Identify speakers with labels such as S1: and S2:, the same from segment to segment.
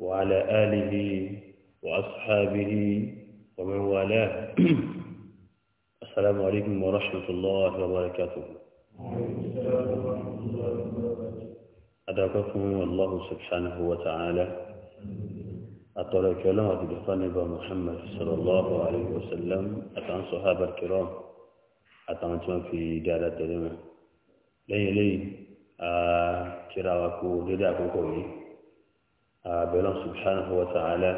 S1: وعلى آله وأصحابه ومن والاه السلام عليكم ورحمة الله وبركاته أدعوكم الله سبحانه وتعالى عبد الله محمد صلى الله عليه وسلم أتعن صحابة الكرام أتعن في دارة تلمة لين لين kíra wa kú àbẹ̀lọ́ subhanahu wa ta'ala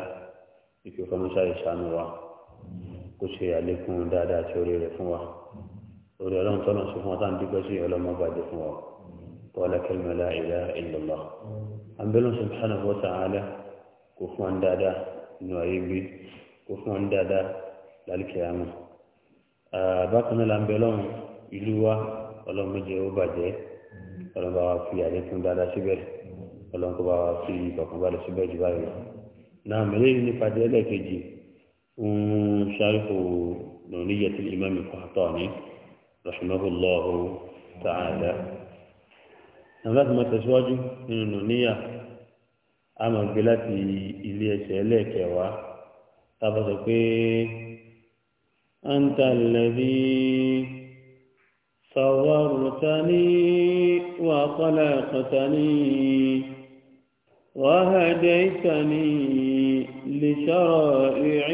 S1: ìfi kọmíṣà ìṣàánú wa kó ṣe àlékún dáadáa tí orí rẹ̀ fún wa orí ọlọ́run tọ́nà sí fún wa táà ń dúpẹ́ sí ọlọ́mọ bàjẹ́ fún wa wọ́lá kẹ́lmẹ́ la ilaha illallah subhanahu wa ta'ala kó fún wa dáadáa nù ayé gbé kó fún wa dáadáa lálùkẹ́ àmọ́ bákan náà làbẹ̀lọ́ ìlú wa ọlọ́mọ ó bàjẹ́ ọlọ́mọ bá wa fi àlékún dáadáa síbẹ̀ ọlọ́nkọ́ bá wa fi ìfọ̀kànbalẹ̀ síbẹ̀ jù báyìí lọ. náà mẹ́lẹ́yìn nípa ti ẹlẹ́ẹ̀kejì ń ṣàrífò lóníyẹ tí imam ìfọ̀tọ̀ ní rahimahullahu ta'ala. nàbàtí mo tẹ̀síwájú nínú lóníyà a máa gbé láti ilé ẹsẹ̀ ẹlẹ́ẹ̀kẹwàá tábà sọ pé أنت الذي صورتني وخلقتني وهديتني لشرائع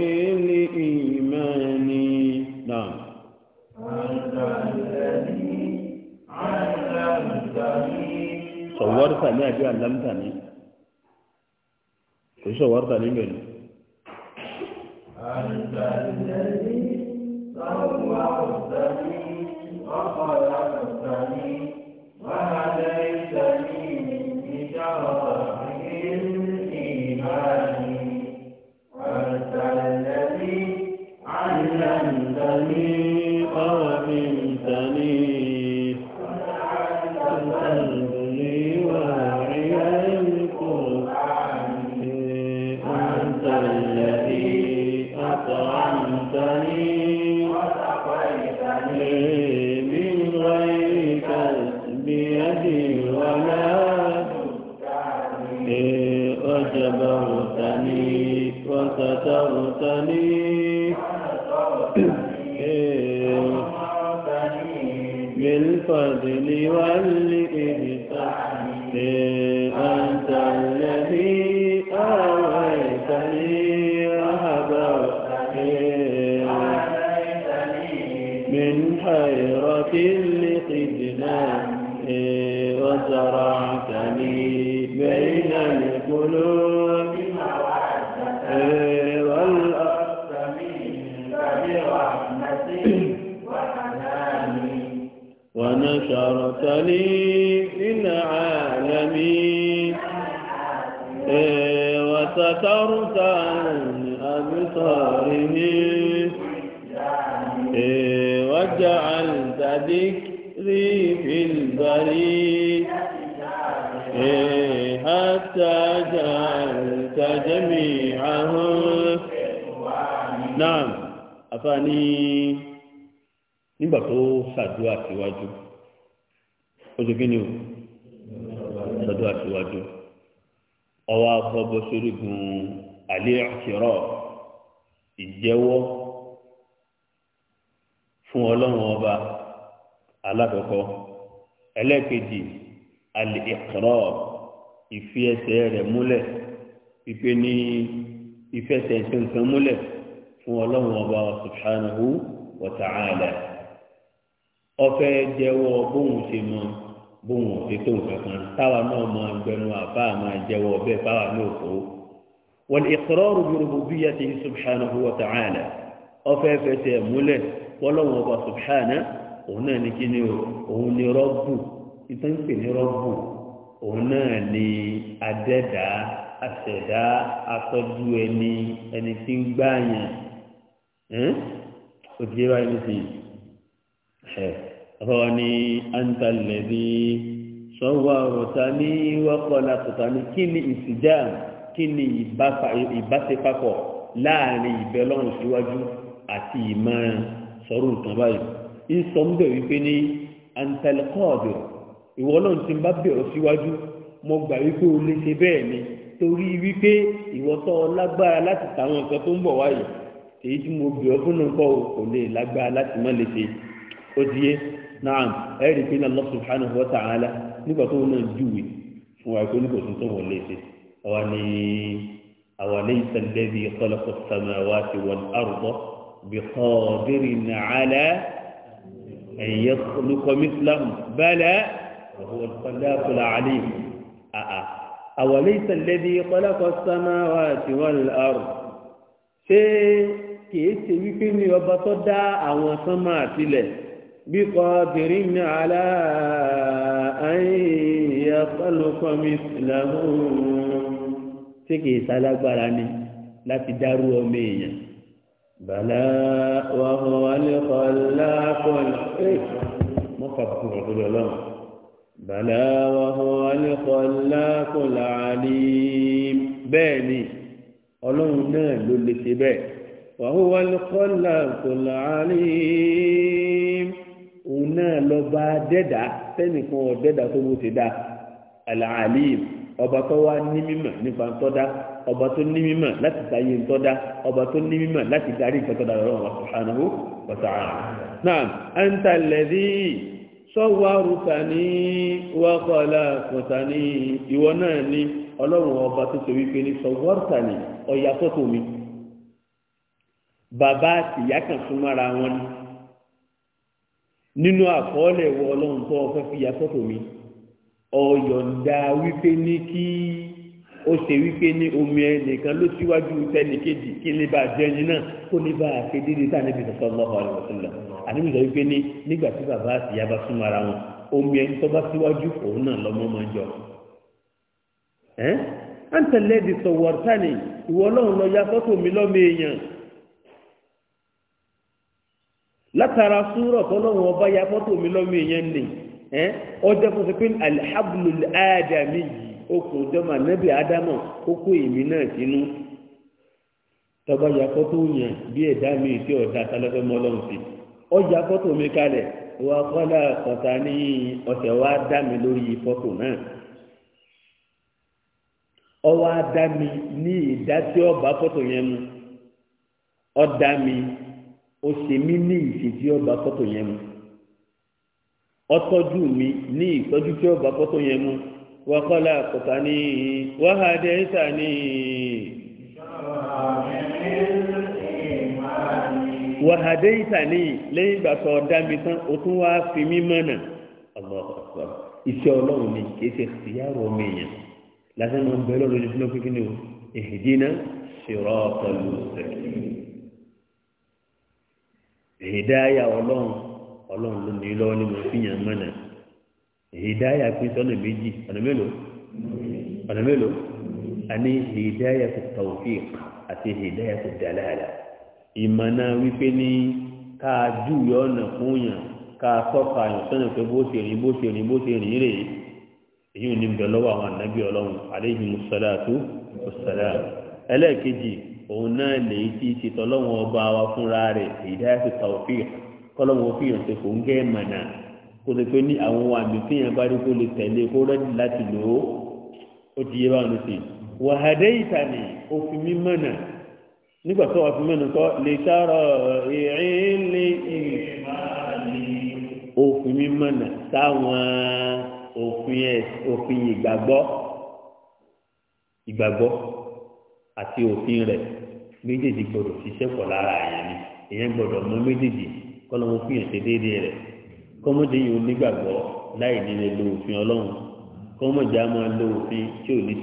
S1: لإيماني نعم
S2: أنت الذي علمتني صورتني أبي
S1: علمتني إيش صورتني مني
S3: أنت الذي صورتني وخلقتني وهديتني للفضل
S1: والإحسان أنت الذي أويتني وهبتني
S3: من حيرة
S1: لخدمتي وزرعتني بين القلوب بشرتني من عالمي وسترت عن أبصاره وجعلت ذكري
S2: في البريد
S3: حتى جعلت جميعهم نعم
S1: أفاني nígbà tó ṣàdúrà oṣù kìíní o sọdọ àtiwájú ọwọ afọbọ sórígun àlẹ àṣírọ ìjẹwọ fún ọlọrun ọba alákọọkọ ẹlẹẹkejì àlẹ ìkọrọ ìfi ẹsẹ rẹ múlẹ ìpè ní ìfẹsẹ nǹkan múlẹ fún ọlọrun ọba subhanahu wa ta'ala ọfẹ jẹwọ bóun ṣe mọ bóun ò ṣe tó nǹkan kan táwa náà máa gbẹnu àbá máa jẹwọ bẹẹ báwa náà kó wọn ìkọrọrù yorùbá bí yá ti subhana wa ta'ala ọfẹ fẹsẹ múlẹ wọlọwọn ọba subhana òun náà ní kí o òun ní rọbù ìtàn ní rọbù òun náà ní adẹ́dá àṣẹdá atọ́jú ẹni ẹni tí ń gbáàyàn ó ti báyìí ní ti ẹ rọ́ni antalẹ̀bí sọ́wọ́rọ̀tání wọ́pọ̀lá tọ̀tání kí ni ìsìjá kí ni ìbáṣepapọ̀ láàrin ìbẹ̀lọ́run síwájú àti ìmọ̀ràn sọ̀rọ̀ nǹkan báyìí ìsọ ń bẹ̀ wípé ní antalẹ̀kọ́ọ̀dù ìwọ́lọ́run ti bá bẹ̀rọ̀ síwájú mo gbà wípé o lè ṣe bẹ́ẹ̀ ni torí wípé ìwọ́tọ́ lágbára láti tàwọn nǹkan tó ń bọ̀ wáyìí èyí tí mo bẹ̀ ọ́ fún nǹkan kò lè lágbára láti má lè ṣe ó ti náà ẹ̀rí pé náà lọ́sùn hánà wọ́n tà á la nígbà tó náà júwe fún wa pé nígbà tó wọ́n lè ṣe àwa ni àwa lè sẹ́lẹ̀ bí kọ́lọ́kọ́ sàmáwá ti wọ́n àrùbọ́ bí kọ́ọ̀dẹ́rì nàálẹ́ ẹ̀yẹ lukọ́ mísílámù bẹ́ẹ̀ وهو الخلاق العليم أوليس الذي خلق السماوات والأرض ṣé kìí ṣe wípé ní ọba tó dá àwọn sánmà àtìlẹ̀ بقادر على أن يخلق مثلهم ṣé kìí sálágbára ni láti dárú ọmọ èèyàn bàlá wàhùn alẹ́kọ̀ọ́lá kọ́lá mọ́ kàbùkù ọ̀dọ́dọ̀ lọ́wọ́ bàlá wàhùn alẹ́kọ̀ọ́lá kọ́lá ní bẹ́ẹ̀ ni ọlọ́run náà ló lè ṣe bẹ́ẹ̀ wàhùn alẹ́kọ̀ọ́lá òun náà lọ́ba dẹ́dà sẹ́nìkan ọ̀dẹ́dà tó bó ti dá alaalim ọba tó wá ní mímọ̀ nípa ntọ́dá ọba tó ní mímọ̀ láti dáyé ntọ́dá ọba tó ní mímọ̀ láti darí ìkẹtọ́dá lọ́wọ́ wa sùhánàwó wàtàrà náà ẹ̀ńtà sọ́wárùtàní wákọ̀ọ́lá kùtàní ìwọ náà ní ọlọ́run ọba tó ṣe wípé ní sọ́wárùtàní ọ̀yà mi bàbá àtìyá kan súnmọ́ra wọn ni nínú àkọọ́lẹ̀ ìwọ ọlọ́run tó ọ fi ya fọ́tò mi ọ̀yọ̀ǹda wípé ní kí ó ṣe wípé ní omi ẹnìkan ló síwájú tẹnìkejì kí lè bá jẹni náà kó lè bá akédèdè tá níbi sọsọ lọ́wọ́ àlọ́ sílẹ̀ àníbi sọ wípé ní nígbà tí bàbá àti ìyá bá súnmọ́ ara wọn omi ẹni tó bá síwájú òun náà lọ́mọ́ máa jọ. ẹ́ ń tẹ̀lé ìdìsọ̀wọ̀ tani ìwọ ọlọ́run lọ ya fọ́tò mi lọ́mọ èèyàn látara súrọ̀ tọ́lọ́wọ́n ọba ya fọ́tò mi lọ́mọ èèyàn nì ẹ́ ọjọ́ fún sípín alḥabdul ádámì yìí okùn dọ́mà nẹ́bí ádámọ̀ ó èmi náà sínú tọ́ba ya fọ́tò yàn bí ẹ̀dá mi tí ọ̀dà sálọ́fẹ́ mọ́ lọ́hùn ọjà fọ́tò mi kalẹ̀ wà kọ́lá kọ̀tà ní ọ̀sẹ̀ wa dá mi lórí fọ́tò náà ọwọ́ á dá mi ní ìdá tí ọba fọ́tò yẹn mu ọ mi ó ṣe mí ní ìṣèjì ọba fọ́tò yẹn mu ọtọ́jú mi ní ìtọ́jú tí ọba fọ́tò yẹn mu wakọ́lá àkọ́tà ní wàhádé ẹ̀sà ní. wàhádé ẹ̀sà ní lẹ́yìn ìgbà tó ọ̀dá mi tán o tún wá fi mí mọ́nà iṣẹ́ ọlọ́run ni kì í ṣe ìyàrá ọmọ èèyàn lásán máa ń bẹ lọ́rùn ojoojúmọ́ pínpín ní o ìhìndínà ṣèrọ́ ọ̀tọ̀ ló ìhìdáyà ọlọ́run ọlọ́run ló ní lọ́wọ́ ní mo fi yàn mọ́nà ìhìdáyà pín sọ́nà méjì ọ̀nà mélòó ọ̀nà mélòó àní ìhìdáyà tó tàwùfíì àti ìhìdáyà tó dàlàlà ìmọ̀nà wípé ní ká júwèé ọ̀nà fún yàn ká tọ́ka yàn sọ́nà pé bó ṣe rìn bó ṣe rìn bó ṣe rìn rèé èyí ò ní bẹ̀ lọ́wọ́ àwọn ànábì ọlọ́run àdéhùn mùsàlá tó mùsàlá ẹlẹ́ẹ̀kejì òun náà lèyí tí ṣe tọ́lọ́wọ́n ọba wa fúnra rẹ̀ èyí dáhà sí tàwọ́fì kọ́lọ́wọ́n fi hàn ṣe kò ń gẹ́ mọ̀nà kó lè pé ní àwọn ohun àmì tí yẹn bá rí kó lè tẹ̀lé kó rẹ́dì láti lò ó ó ti yé báwọn lóṣè wàhádé ìtàní òfin mi nígbà tó wà fún mẹ́nu kọ́ lè sáárọ̀ ìrìn lè òfin mi mọ̀nà òfin ìgbàgbọ́ ìgbàgbọ́. àti òfin rẹ̀ méjèèjì gbọdọ̀ ṣiṣẹ́ pọ̀ lára ni gbọdọ̀ mú méjèèjì kọ́lọ́mù fi hàn ṣe déédéé rẹ̀ kọmọdé yìí onígbàgbọ́ láì nílẹ̀ lo òfin ọlọ́run kọmọdé a lo òfin tí ò ní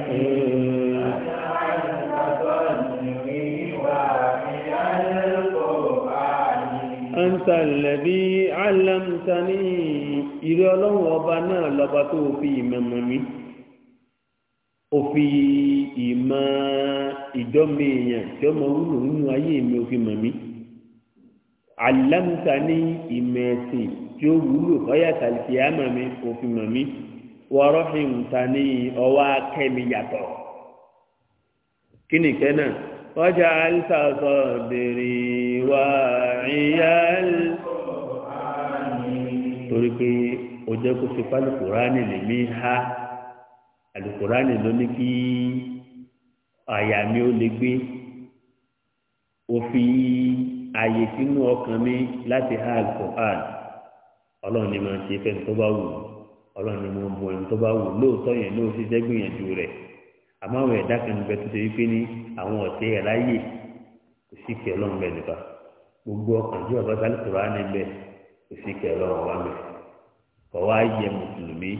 S1: ń àǹtàlẹ̀bí alámtani ìrẹ́ ọlọ́run ọba náà lọba tó fi ìmọ̀mọ̀ mi òfin ìmọ̀ ìdọ́mọ èèyàn tí ó mọ wúlò nínú ayé mi òfin mọ̀ mi alámtani ìmọ̀ ẹ̀sìn tí ó wúlò ọyà tàlìkì àmà mi òfin mọ̀ mi wọ́rọ́fìntani ọwọ́ akẹ́mi yàtọ̀ kí nìkẹ́ náà wọ́n jẹ́ àìsàn sọ̀rọ̀ bèrè. واعيا torí pé o jẹ́ kó fi pálukùránì lè mí ha alukùránì ló ní kí àyà mi ó lè gbé o fi àyè sínú ọkàn mi láti ha alukùrán ọlọ́run ni máa ṣe fẹ́ni tó bá wù ọlọ́run ni mo mọ ẹni tó bá wù lóòótọ́ yẹn ló ṣiṣẹ́ gbìyànjú rẹ̀ àmọ́ àwọn ẹ̀dá kan bẹ tó ṣe wípé ní àwọn ọ̀tẹ̀ ẹ̀ láyè sí kẹ lọ́n bẹ́ẹ̀ nípa gbogbo ọkàn tí ọba sálẹ̀ kura ni bẹ́ẹ̀ kò sí kẹ lọ́n wà mẹ́ kọ́ wá yẹ mùsùlùmí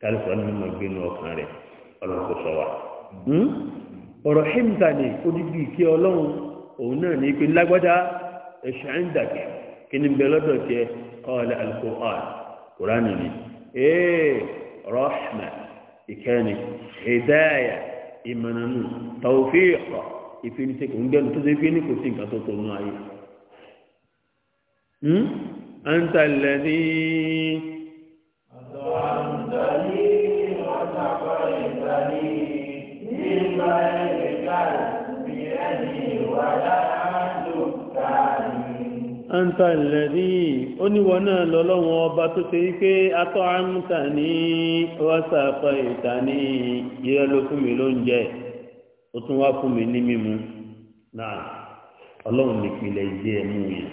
S1: kálífà ni mo gbé nu ọkàn rẹ̀ ọlọ́run kò sọ wa. Hmm? ọ̀rọ̀ himta ni odidi ìké ọlọ́run òun náà ní pé lágbádá ẹ̀ṣẹ̀ ń dàgẹ̀ kí ni bẹ lọ́dọ̀ jẹ ọ̀lẹ́ alukur'an kuran ìfiniṣẹ́ kò ń dẹnu tó ṣe fi ní kò sí nǹkan tó tó nù ayé. أنت الذي
S3: أطعمتني وسقيتني من غير كسب يدي ولا أنت الذي
S1: أني وانا لولو وباتوتيك أطعمتني وسقيتني يلوكم لونجي ó tún wá fún mi ní mímu náà ọlọ́run ní ìpìlẹ̀ ìdí ẹ̀mú yẹn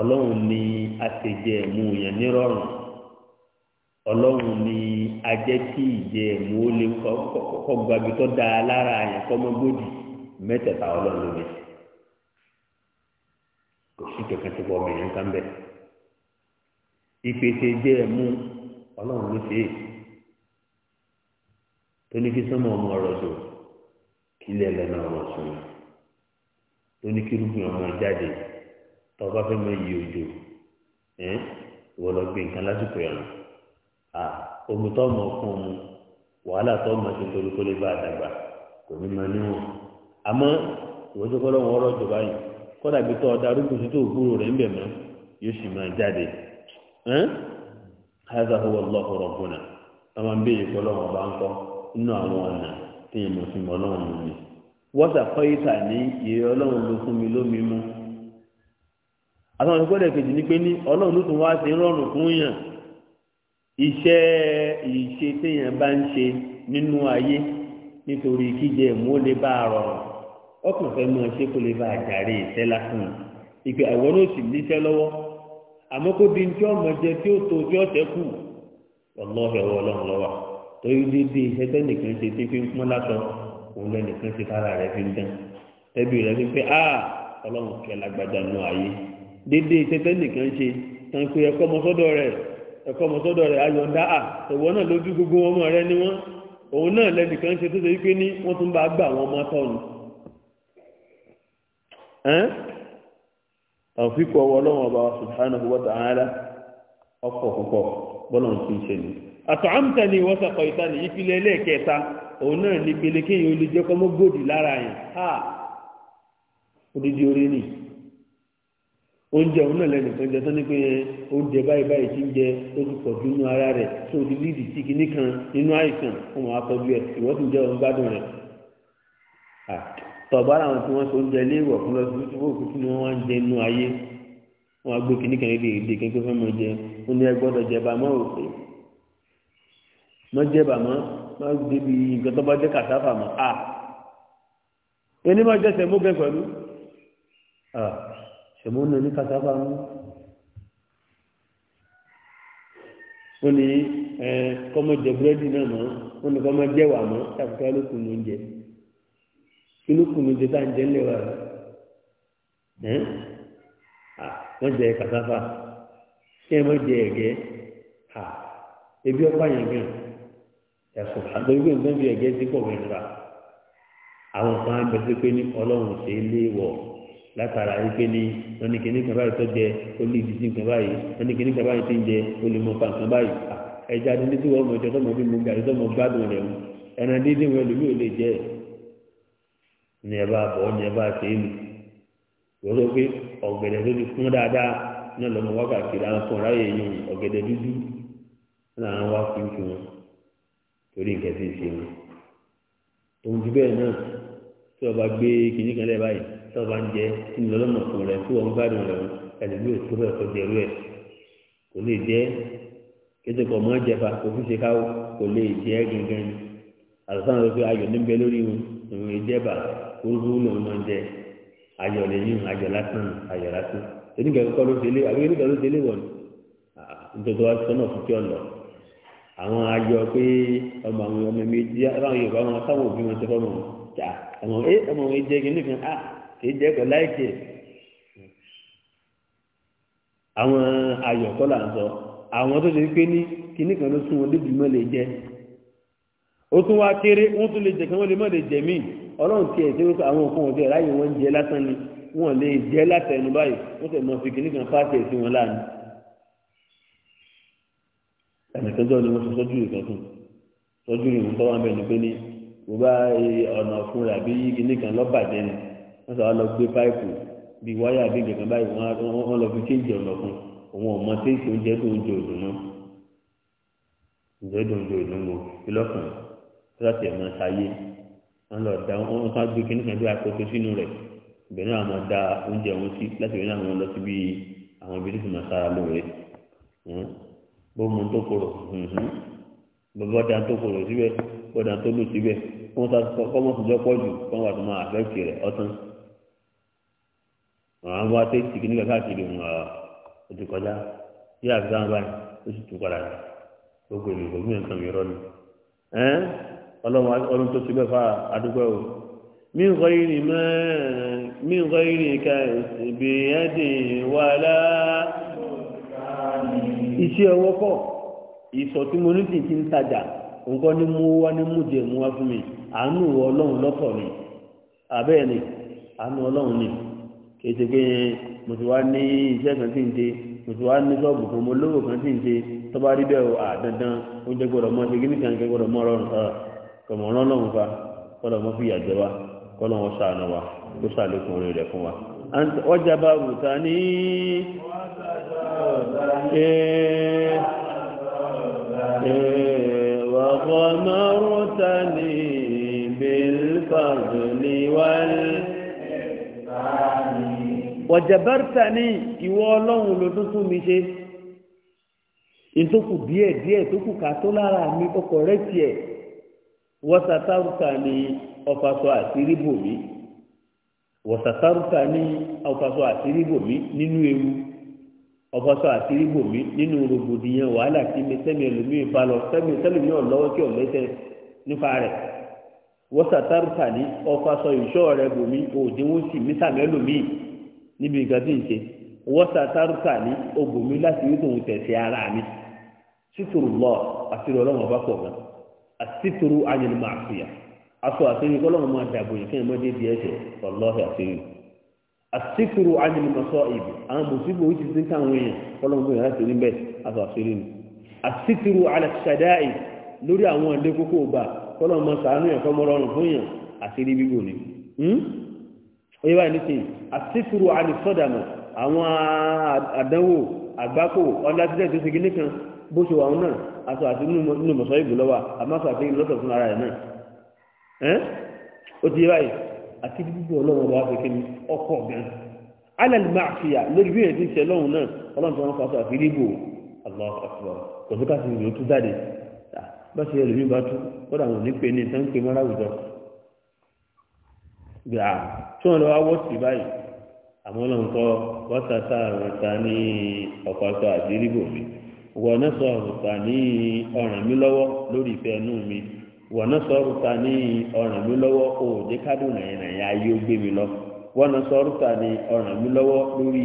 S1: ọlọ́run ní àtẹ̀jẹ̀ ẹ̀mú yẹn nírọ̀rùn ọlọ́run ní ẹ̀mú ó lè kọ́ tó dáa lára yẹn mẹ́tẹ̀ẹ̀ta ọlọ́run ló kò sí kankan tó kan bẹ́ẹ̀ ìpèsè ọlọ́run ló sílẹ̀ lẹ́nu ọ̀rọ̀ sùn tó ní kírúgbìn ọmọ jáde tó o bá fẹ́ mọ ìwọ lọ gbé nǹkan lásìkò omi tó mọ fún ọmọ wàhálà tó mọ sí nítorí kó lè bá àdàgbà kò ní mọ níwọ̀n àmọ́ ìwọ́n tó kọ́ lọ́wọ́ ọ̀rọ̀ kọ́dà ọ̀dà arúgbó sí tó gbúrò rẹ̀ mọ́ yóò sì máa jáde tí mo fi mọ ọlọ́run mú mi wọ́tà kọ́yìtà ní ìrẹ ọlọ́run ló fún mi lómi mú àtàwọn ìpínlẹ̀ kejì ni pé ní ọlọ́run ló tún wá sí rọrùn fún yàn iṣẹ́ ìṣe téèyàn bá ń ṣe nínú ayé nítorí kíjẹ ìmú lè bá a rọrùn ọkàn fẹ́ mọ ṣé kó lè bá a jàre ìṣẹ́ lásán ìpè àwọn náà sì níṣẹ́ lọ́wọ́ àmọ́ kó di ní tí ọmọ jẹ tí ó tó tí ó tẹ́kù ọlọ́ọ̀rẹ́ ọlọ́run lọ́wọ́ torí dédé iṣẹ́ tẹ́nìkan ṣe tí fi ń pọ́n lásọ òun lẹ́nìkan ṣe tára rẹ̀ fi ń dán tẹ́bí rẹ̀ fi pé a ọlọ́run kẹ́ lágbájá nù ayé dédé iṣẹ́ tẹ́nìkan ṣe tán pé ẹ̀kọ́ ọmọsọ́dọ̀ rẹ̀ ẹ̀kọ́ ọmọsọ́dọ̀ rẹ̀ ayọ̀ǹda à ìwọ náà lójú gbogbo ọmọ rẹ ni wọ́n òun náà lẹ́nìkan ṣe tó ṣe wípé ní wọ́n tún bá gbà wọn mọ́ tọ́nu ọ̀fíkọ̀ ọlọ́run ọba subhanahu wa ta'ala ọkọ̀ púpọ̀ bọ́lọ̀ àtọ̀hámtẹ́ni wọ́n sọ̀kọ̀ ìtàní ìpìlẹ̀ ẹlẹ́ẹ̀kẹta òun náà ní pele kéèyàn olè kọ́mọ́ gòdì lára yẹn ha odidi orí ni oúnjẹ òun náà lẹ́nu kan jẹ tán ní pé oúnjẹ báyìí báyìí ti ń jẹ ó ti pọ̀ jù nínú ara rẹ̀ tó o ti lídì sí kinní kan nínú àìsàn wọn máa tọ́jú ìwọ́n ti jẹ́ òun gbádùn rẹ̀ tọ̀bá làwọn tí wọ́n so oúnjẹ léèwọ̀ fún lọ sí fún òkú tí wọ́n wá ń jẹ inú ayé wọn á gbé kinní kan lédè èdè kékeré fẹ́ mọ jẹ ó ní ẹ gbọ́dọ̀ mọ́ òfin mọ jẹba mọ mọ débi nǹkan tó bá jẹ kàtàfà mọ a ẹni máa jẹ sẹmú gẹ pẹlú a sẹmú nà ní kàtàfà mọ wọn ni ẹ kọmọ jẹ búrẹdì náà mọ wọn ni kọmọ jẹ wà mọ tàbíkà lókun ló ń jẹ inú kùn ló ń jẹ tá ń jẹ ńlẹ wà rẹ ẹ wọn jẹ kàtàfà kí ẹ mọ jẹ ẹgẹ ha ebi ọkọ àyàn gan ẹ̀sùn àgbẹ̀wé nǹkan bí ẹ̀jẹ̀ sí pọ̀ mẹ́ta àwọn kan á bẹ sí pé ní ọlọ́run ṣe é léèwọ̀ látara wípé ní wọn ní kíní kan báyìí tó jẹ ó lé ìdí sí nǹkan báyìí wọn ní kíní kan báyìí tó ń jẹ ó lè mọ pa nǹkan báyìí ẹja dídí tí wọn mọ ìjọ tó mọ bí mo gbà tó mọ gbádùn rẹ mu ẹnà dídí wọn lómi ò lè jẹ ní ẹ bá bọ ní ẹ bá ṣe é lu wọ́n pé ọ̀gẹ̀dẹ̀ tó ti kún dáadáa
S3: náà lọ́mọ wákàtí láwọn kan ráyè
S1: yìí ọ̀gẹ̀dẹ̀ dúdú náà wá fún fún wọn torí nǹkan tí ì ṣe wọn òun ju bẹ́ẹ̀ náà tí ọba gbé kìnní kan lẹ́ẹ̀ báyìí tí ọba ń jẹ tí ní lọ́lọ́mọ̀ fún rẹ tí wọ́n gbádùn rẹ ẹlẹ́gbẹ́ òtún bẹ́ẹ̀ kọ́ jẹ́rú ẹ̀ kò lè jẹ́ kété kọ́ mọ́ jẹba kò fi ṣe káwọ́ kò lè jẹ́ gangan ni àtúntàn ló fi ayọ̀ níbẹ̀ lórí wọn ìwọ̀n ìjẹba kúrúkú lòun máa ń jẹ ayọ̀ lẹ́yìn ayọ̀ lásán ayọ̀ lásán oníkẹ́kọ̀ọ́ ló délé àbí oníkẹ́kọ̀ọ́ àwọn ayọ pé ọmọ àwọn ọmọ mi di aláwọn yorùbá wọn táwọn òbí wọn ti fọmọ jà ọmọ eh, ẹ ọmọ mi jẹ kí nìkan a ah, kì í jẹ kọ láìkè àwọn ayọ kọ là ń sọ àwọn tó ṣe pé ní kí nìkan ló sún wọn débi mọ lè jẹ ó tún wá kéré wọn tún lè jẹ kí wọn lè mọ lè jẹ míì ọlọrun tiẹ tí wọn àwọn òkú wọn tiẹ láyé wọn jẹ lásán ni wọn lè jẹ látẹnu báyìí wọn sì mọ fi kí nìkan pàṣẹ sí wọn láàánú ẹnìkẹ́jọ́ ni mo ṣe sọ́jú ìkan fún sọ́jú ìrìn tó wà ń bẹ̀ ni pé ní mo bá e, ọ̀nà fún rẹ̀ àbí yígi nìkan lọ́bàjẹ́ ni wọ́n sọ lọ gbé páìpù bí wáyà bí nǹkan báyìí wọ́n lọ fi chéjì ọ̀nà fún òun ọ̀mọ téèkì oúnjẹ tó ń jẹ òdùn náà oúnjẹ tó ń jẹ òdùn mo fi lọ́kàn tíráṣì ẹ̀ máa ṣayé wọ́n lọ da wọ́n ká gbé kíní kan bí akoto sínú rẹ̀ ìbẹ̀rẹ̀ àwọn máa da oúnjẹ wọn sí láti ìbẹ̀rẹ̀ àwọn lọ síbi àwọn ibi tó fi máa sára lóore hmm bó mu tó kúrò mm-hmm. bọ́bọ́ da tó kúrò síbẹ̀ bọ́dà tó lù síbẹ̀ kọ́mọ́ tó jọ pọ̀ jù kọ́mọ́ wà tó máa àfẹ́tì rẹ̀ ọ̀tán àwọn àwọn àti tìkì nígbà káàkiri mu ọ̀ ó ti kọjá bí báyìí ó sì tún padà gbogbo èlò ìgbòmí ẹ̀ nǹkan mìíràn ni ọlọ́run tó ti bẹ́ẹ̀ fa àdúgbò o mí nǹkan yìí ni mẹ́ mí nǹkan yìí ni ká ìbí ẹ̀ dì wàhálà. iṣẹ́ ọwọ́ kọ̀ ìsọ̀ tí mo ní tì ti ń tajà nǹkan ní mú wá ní mú jẹ mú wá fún mi àánú wọ ọlọ́run ni àbẹ́ẹ̀ ni àánú ọlọ́run ni kan tí ń ṣe mo ti kan mo lówó kan tí dandan gbọ́dọ̀ mọ́ ṣe kí nìkan gbọ́dọ̀ mọ́ ọlọ́run kọ̀mọ̀ ọlọ́run fa mọ́ wa wa إيه إيه وغمرتني بالفضل
S3: والإحسان
S1: wọ̀jẹ̀bẹ́rẹ́tà ní ìwọ ọlọ́run ló tún tún mi ṣe ìtókù díẹ̀ díẹ̀ tó kù ká tó lára mi kọkọ̀ rẹ̀ tiẹ̀ wọ́sàtàrùtà ní ọ̀fàṣọ àṣírí bòmí wọ́sàtàrùtà ní ọ̀fàṣọ àṣírí bòmí nínú ewu ọbọsọ àti ríbòmí nínú rògbòdìyàn wàhálà tí mi sẹ́mi ẹlòmíì bá lọ sẹ́mi sẹ́lòmíì ọ̀lọ́wọ́ tí ọ̀lẹ́sẹ̀ nípa rẹ̀ wọ́sà tárùtà ní ọfàsọ ìṣọ́ rẹ̀ bòmí òdinwó sì mísàmì ẹlòmíì níbi nǹkan tí ń ṣe wọ́sà tárùtà ní ogbòmí láti rí tòun tẹ̀sí ara mi sítòrò lọ àti ọlọ́run ọba pọ̀ mọ́ àsítòrò ayélujára aṣọ àṣeyìn kọ́lọ́run máa dàbò yìí kí àsìkòrò ánìmọ̀sọ ìbò àwọn mùsùlùmí orí ti ti ń káwọn èèyàn fọlọ́mùsùn yàrá sí níbẹ̀ àtọ̀ àṣírí ni àsìkòrò alẹ́ṣàdáì lórí àwọn ilé kókó ọba fọlọ́mọ sàánú ẹ̀kọ́ mọ́rọ̀rùn fún yàn àṣírí bíbò ni. oye hmm? báyìí ní sìn àsìkòrò alẹ́sọ̀dàmọ̀ àwọn àdánwò àgbákò ọ̀làtìlẹ̀ tó ṣe kíní kan bó ṣe wà wọn náà àtọ̀ àti nínú mọ̀sọ ìbò lọ́wọ́ àti ụlọ ọlọ́run bá fẹ́ kí ni ọkọ̀ gan alẹ́lì máa fi à lórí bí èdè ìṣẹ́ náà ọlọ́run fa kò káàsì jáde bá ṣe ẹlòmí bá tú kódà wọn ní pe ní ìtàn pé mọ́ra àwùjọ gbà tí lọ wá báyìí àmọ́ ọlọ́run kọ́ ní mi wọ́n náà sọ ní ọ̀ràn wọnà sọrọ ta ní ọràn mi lọwọ òòjẹ kádùn nàìjíríà ayé ó gbé mi lọ wọnà sọrọ ta ní ọràn mi lọwọ lórí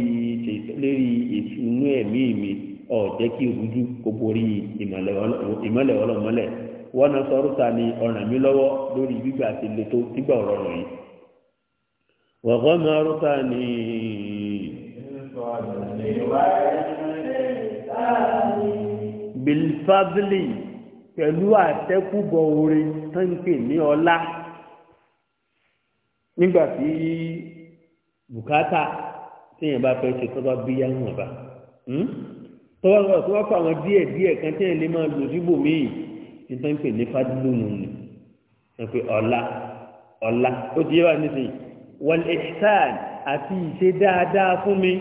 S1: lórí ìtùnú ẹmí mi ọjẹ kí ìrújú kó borí ìmọlẹ ọlọmọlẹ wọnà sọrọ ta ní ọràn mi lọwọ lórí gbígbà àti lẹtọ gbígbà ọrọ yìí wọ̀gọ́ mi ọrọ ta ní. bilfadli pẹ̀lú àtẹ́kùbọ̀ oore tó ń pè ní ọlá nígbà tí bùkátà téèyàn bá fẹ́ ṣe tọ́ba bí yáwọn ọba tọ́ba hmm? tó tọ́ba fún àwọn díẹ̀ díẹ̀ kan téèyàn lè máa lò síbò míì ní tó ń pè ní fadúlùmù ni wọ́n pe ọlá ọlá ó ti yé wa nísìnyí wọ́n lè sáà àti ìṣe dáadáa fún mi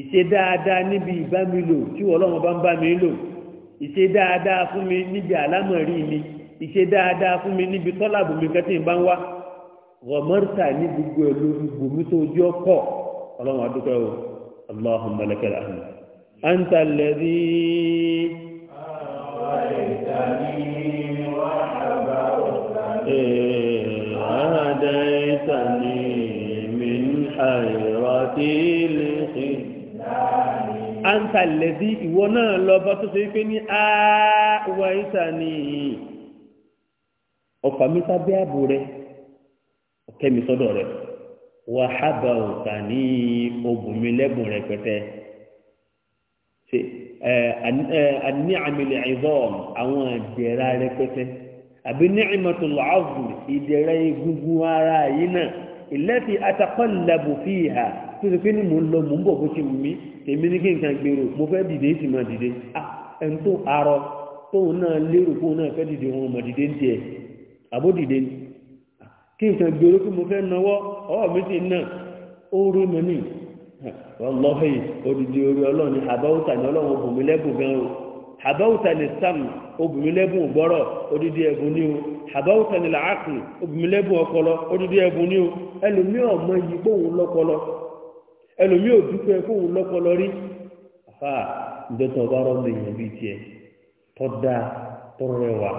S1: ìṣe dáadáa níbi ìbámi lò tí ọlọ́run bá ń bá mi lò ìṣe dáadáa fún mi níbi àlámọ̀rí mi ìṣe dáadáa fún mi níbi tọ́làbù mi kẹ́tì ń bá ń wá rọmọ́rìtà ní gbogbo ẹ̀ lórí bòmí tó ojú ọkọ̀ ọlọ́run adúgbò ẹ̀ ọlọ́run mọ̀lẹ́kẹ̀ làhùn. àǹtà lẹ́rí.
S3: àwọn ìtàní wà àbá òkà. ẹ̀ẹ́d
S1: àǹtà lẹ́dí ìwọ náà lọ bá tó ṣe pé ní àwa ìta ni ọ̀fà mi sábẹ́ ààbò rẹ ọ̀kẹ́ mi sọ́dọ̀ rẹ wàhábà òkà ní obùnmi lẹ́bùn rẹ pẹ́tẹ́ ṣe àní àmìlẹ̀ ìbọ̀m àwọn ìdẹ̀ra rẹ pẹ́tẹ́ àbí ní ìmọ̀tòlù ààbò ìdẹ̀ra egungun ara yìí náà ìlẹ́fì atakọ́ lẹ́bù fìhà. tó ṣe ni lọ mò bọ̀ bó ti èmi ní kí nǹkan gbèrò mo fẹ́ dìde sì ma dìde ẹn tó arọ tóun náà lérò náà fẹ́ dìde òun mọ̀ dìde ń àbó dìde ni kí gbèrò mo fẹ́ mi ti nà ó rí mi ní ọlọ́hìn odidi orí ọlọ́run ní ní ọlọ́run obìnrin gan o àbáwúta ní sam obìnrin lẹ́bùn ògbọ́rọ̀ odidi ẹlòmí ò dúpẹ́ kó wù lọ́pọlọ rí àfà ìdọ́tọ̀ ọba rọ́ọ̀mù èèyàn bíi tiẹ̀ tọ́ da tọ́ rẹwà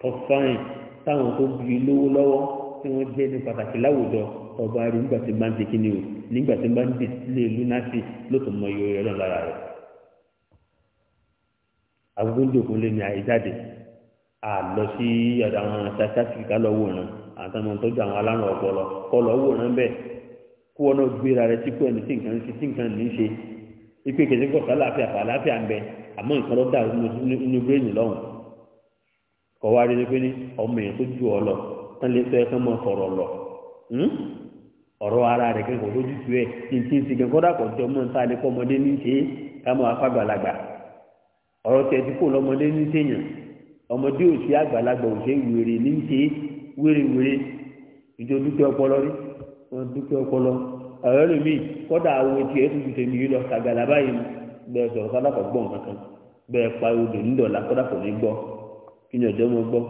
S1: tọ́ fáìn táwọn tó bí lówó lọ́wọ́ tí wọ́n jẹ́ ní pàtàkì láwùjọ ọba rí nígbà tí bá ń di kíni o nígbà tí bá ń di sílé lúnásì ló tó mọ iye ọ̀rọ̀ lára rẹ̀ agogo ń dòkun lé ní àyíjáde àlọ sí ọ̀dọ̀ àwọn south africa lọ́wọ́ náà àtàwọn tó jẹ́ àwọn alárùn ọ̀pọ̀lọ kọ́ lọ́wọ́ náà bẹ́ẹ̀ kó wọn náà gbéra rẹ sípò ẹni tí nǹkan tí nǹkan ní í ṣe ipe kẹsẹ kọ sálàáfíà fàlàáfíà ń bẹ àmọ nǹkan lọ dà nínú bírèènì lọhùn kọ wá rí pé ní ọmọ yẹn tó ju ọ lọ tán lè sọ hmm? ẹ kán mọ sọrọ lọ ọrọ ara rẹ kẹkọọ lójú tu ẹ kìkì sí kẹkọọ dàpọ̀ tí ọmọ nta ni kọmọdé ní ṣe kámọ afágbàlagbà ọrọ tẹ ti kó lọmọdé ní ṣèyàn ọmọdé òsì àgbàlagbà òsè wèrè ní ṣe wérewère ìjọ dúkìá ọpọlọ rí. dúkìá ọpọlọ ọ̀rẹ́ lómi kọ́dà awo etí ẹ̀ tuntun tèmi yìí lọ sàgàlà báyìí bẹ́ẹ̀ sọ̀rọ̀ kọ́dà kọ́ kankan bẹ́ẹ̀ pa odò nídọ̀la kọ́dà kọ́ ní gbọ́ kí ni ọ̀jọ́ mo gbọ́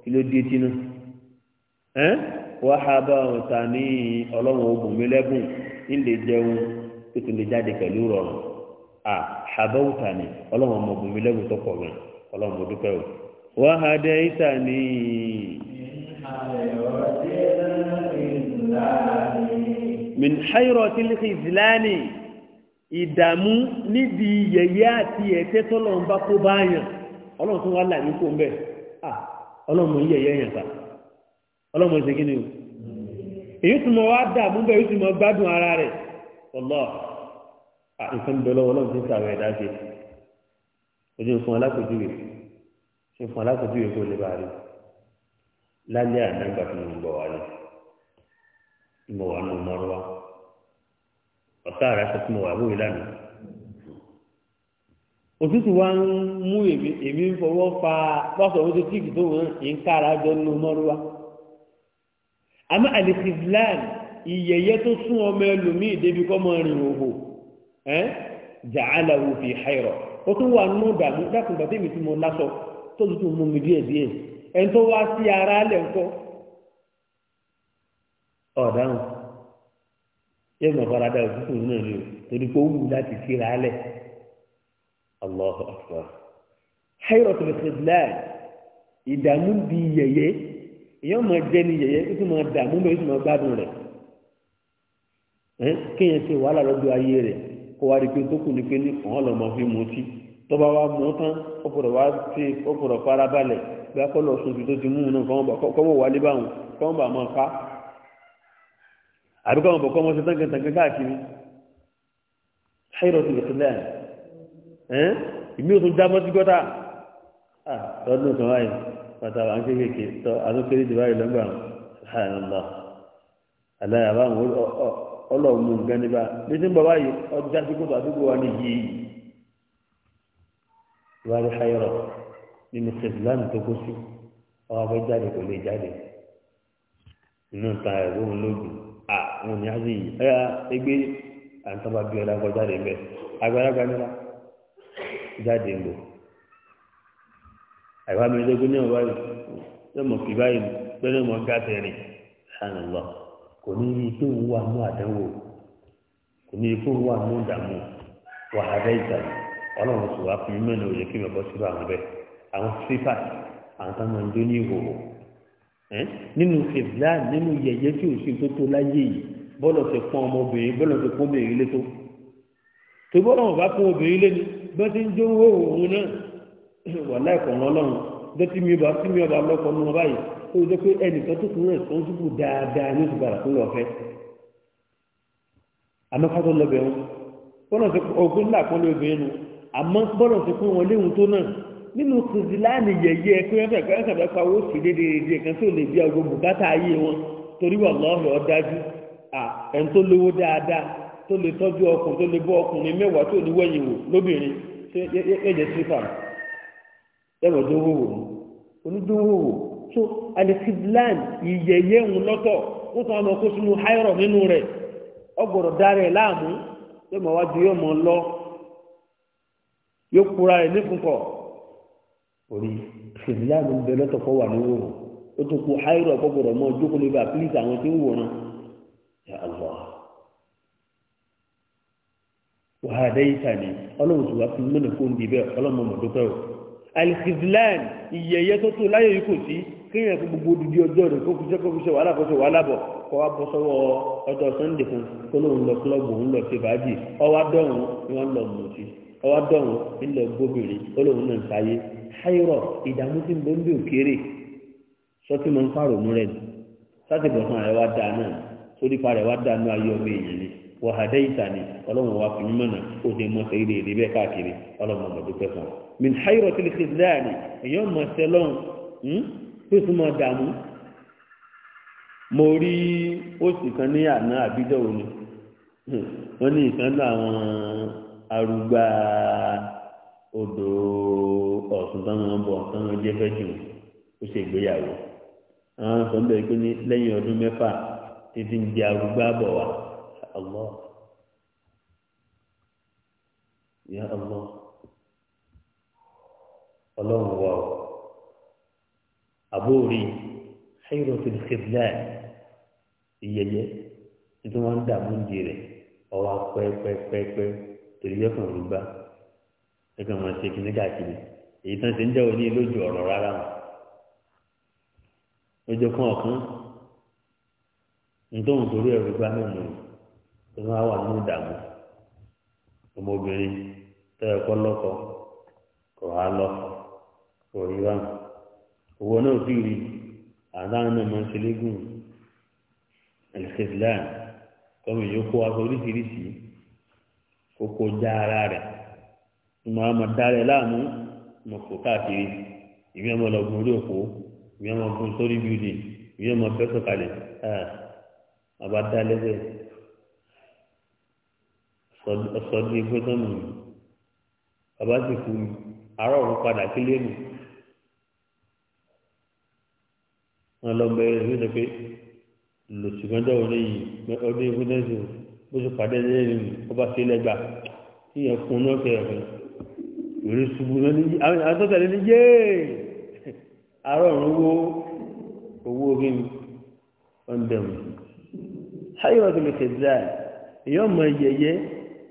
S1: kí ló náà wọ́n bá ta ní ọlọ́run ogun mi jẹun tó tún lè jáde pẹ̀lú rọrùn ta ní ọmọ ogun mi tó pọ̀ mo dúpẹ́ o wọ́n min hayro tilki zilani ìdààmú níbi yẹyẹ àti ẹtẹ tọlọm bá kó báyàn ọlọ́run tó wà láàyè kó ń bẹ ah ọlọ́run yìí yẹyẹ yẹn ta ọlọ́run ṣe kí ni o èyí tún mọ wá dààmú bẹ èyí tún mọ gbádùn ara rẹ ọlọ ah nǹkan bẹ lọ́wọ́ ọlọ́run tó ń sàrọ ẹ̀dá ṣe ojú nǹkan alákòjúwe ṣe nǹkan alákòjúwe kó lè bá rí àná gbàgbọ́n ń bọ̀ wá lọ ń bọ̀ wá lọ mọ́rọ́ wa ọ̀tá rẹ̀ sọ fún wàá wòye lánàá òtútù wa ń mú èmi ń fọwọ́ fa bọ́sọ̀ owó tó tíìkì tó wọn ń kára jọ nínú mọ́rúwá àmọ́ àlìsìlán ìyẹ̀yẹ́ tó sún ọmọ ẹlòmíì débi kọ́ mọ́ rìn òhò jàálà òfin hairọ̀ ó tún wà nínú ìdààmú dákùnkà tèmi tí mo lásọ tó tutù mú mi díẹ̀ díẹ̀ ẹni tó wá sí ara lẹ̀ ń yóò mọ̀ farada òtútù náà ni o torí pé ó wù láti síra alẹ̀ allahu akbar hayro tó lè ṣèdílá ìdààmú bí yẹyẹ èèyàn máa jẹ ní yẹyẹ ó sì máa dààmú bẹ́ẹ̀ ó sì máa gbádùn rẹ̀ kéèyàn ṣe wàhálà lọ́dọ̀ ayé rẹ̀ kó wá rí pé tó kù ní pé ní ọ̀hún lọ́mọ fi mú ọtí tọ́ba wa mú tán ó fọ̀rọ̀ wá ṣe ó fọ̀rọ̀ farabalẹ̀ bí akọ́lọ̀ ọ̀ṣun tó ti mú un náà kọ́mọ̀ wálé báwọn kọ́mọ̀ bá máa ká àbíkọ́ wọn bọ̀ kọ́ wọn ṣe tán kẹtàn káàkiri ṣáìrọ̀tì ìsìlẹ̀ ẹ̀ ìmí ò tún jábọ́ sí gọ́tà ah, lọ́dún tó wáyé pàtàkì àwọn kéékèèké tọ́ àtúnkéré ìdìbò ayé lọ́gbà ṣáìrọ̀lá aláya báwọn ọlọ́ọ̀mù nǹkan níbà bí tí ń bọ̀ báyìí ọjà tí kò tó àdúgbò wa ní àwọn wọn ni azi yìí ẹ ẹgbẹ́ àǹtọ́ba bí ọ̀dà jáde mbẹ agbára gbanira jáde mbọ àyíwá mi lógún ní ọba yìí lọ́mọ kì báyìí rìn lọ kò ní yí tó ń wà mú àdánwò kò ní tó ń wà mú dààmú wàhálà ìtàn ọlọ́run sùn wá fún kí mi wọn bẹ́ẹ̀ àwọn sífà àwọn táwọn ń dún ní ìhòòhò. nínú ìfìlà nínú yẹyẹ tí o sí tó tó láyé yìí bọ́lọ̀ ti pọ́n ọmọbìnrin bọ́lọ̀ ti pọ́n obìnrin lé tó tó bọ́lọ̀ wọn bá pọ́n obìnrin lé ní bọ́n ti ń jó owó òun náà wà láìpọ̀n ọlọ́run bọ́n ti mi ọba tí mi ọba lọ́kọ̀ mọ́ báyìí ó jẹ́ pé ẹnìkan tó kún rẹ̀ tó ń dúkù dáadáa ní oṣù bàrà tó lọ fẹ́ àmọ́ ká tó lọ bẹ̀ wọn bọ́lọ̀ ti ọgbọ́n láàpọ̀ lé obìnrin nu àmọ́ bọ́lọ̀ ti pọ́n wọn léwu tó náà nínú kùzìláàni yẹyẹ pé wọn fẹẹ fẹẹ fẹẹ fawọ sí déédéé kan tó lè bí ọgbọ bùkátà ayé wọn torí wọn lọọrọ ọdájú à ẹni tó lówó dáadáa tó lè tọjú ọkùnrin tó lè bọ ọkùnrin mẹwàá tó ní wò lóbìnrin sífà ẹwọ dówó wò ó onídówó wò tó ìyẹyẹ ń lọtọ sínú nínú orí ṣèbílà ló ń bẹ lọ́tọ̀ kọ́ wà lówó rò ó tún kú háírò ọ̀pọ̀gbọ̀rọ̀ mọ́ jókòó lébà pílíìsì àwọn tí ń wòran ya allah wàhádà ìtàní ọlọ́run tó wá fi mẹ́nà kó ń di bẹ́ẹ̀ ọlọ́mọ mọ̀dọ́pẹ́ o alìsìdìlán ìyẹyẹ tó tó láyé yìí kò sí kéèyàn fún gbogbo odidi ọjọ́ rẹ̀ kó fi sẹ́kọ̀ọ́ fi ṣe wàhálà kó wàhálà bọ̀ kó wá bọ́ sọ́wọ́ ọjọ́ sunday fún kó lóun lọ kílọ̀bù òun lọ ṣe fàájì ọwá dọ̀rùn ni wọ́n lọ mọ̀ sí ọwọ́ dọ̀hún ńlọ gbóbìnrin ó lóun náà sáyé háírọ̀ ìdààmú tí ń bọ́ ń bí òkèrè sọtí mo ń fàrò mú rẹ̀ sáti bọ̀ fún àrẹwà dáa náà sórí pa àrẹwà dáa náà ayé ọmọ èèyàn ni wàhádẹ́ ìta ni ọlọ́run wa fún mímọ́nà ó dé mọ́ sẹ́yìn lè bẹ́ẹ̀ káàkiri ọlọ́run ọmọ dúpẹ́ fún ọ. min háírọ̀ tí arúgbá odò ọ̀sùn táwọn ń bọ̀ táwọn jẹ́ fẹ́ jù ó ṣe ìgbéyàwó àwọn sọ̀ndọ̀ ìpín ní lẹ́yìn ọdún mẹ́fà títí ń di arúgbá bọ̀ wá ọlọ́ ìyá ọlọ́ ọlọ́run wà ó àbórí ṣẹ́yìnrọ̀ tó ṣẹ̀dá ìyẹyẹ nítorí wọ́n ń dààmú ìdí rẹ̀ ọwọ́ pẹ́ẹ́pẹ́ẹ́pẹ́ẹ́ torí yóò kàn rúgbà yóò kàn máa ṣe kíní káàkiri èyí tán ti ń jẹ́ òní lójú ọ̀rọ̀ rárá wọn lójú kan ọ̀kan nítorí torí ẹ̀rù gbá mẹ́mu tó máa wà nínú ìdààmú ọmọbìnrin tẹ́lẹ̀ kọ́ á owó náà fi rí àdáhùn náà máa ń ṣe légùn kọ́mi yóò kó kókó já ara rẹ̀ ìmọ̀ àmọ̀ dárẹ̀ láàmú mọ̀ fò káàkiri ìwé ọmọ lọ́gbọ̀n orí òkú ìwé ọmọ gun sórí bíúdì ìwé ọmọ fẹ́sọ̀ kalẹ̀ àbá ah, dá lẹ́sẹ̀ ọ̀sọ́dún igbó tán nù bàbá sì kú àárọ̀ òun padà kílé nù wọn lọ bẹ̀rẹ̀ ìwé sọ pé lòsùgbọ́njọ́ òun lè yí ọdún igbó náà sì wò ó sì pàdé lẹ́yìn ọba sílẹ̀ gbà tí yẹn fún náà fẹ́ ẹ̀fún ìrírí ṣubú náà ní àtọ́tẹ̀lẹ́ ní yé àárọ̀ owó owó orí mi wọ́n bẹ̀rù ayọ̀ tó lè tẹ̀síra èyàn mọ yẹyẹ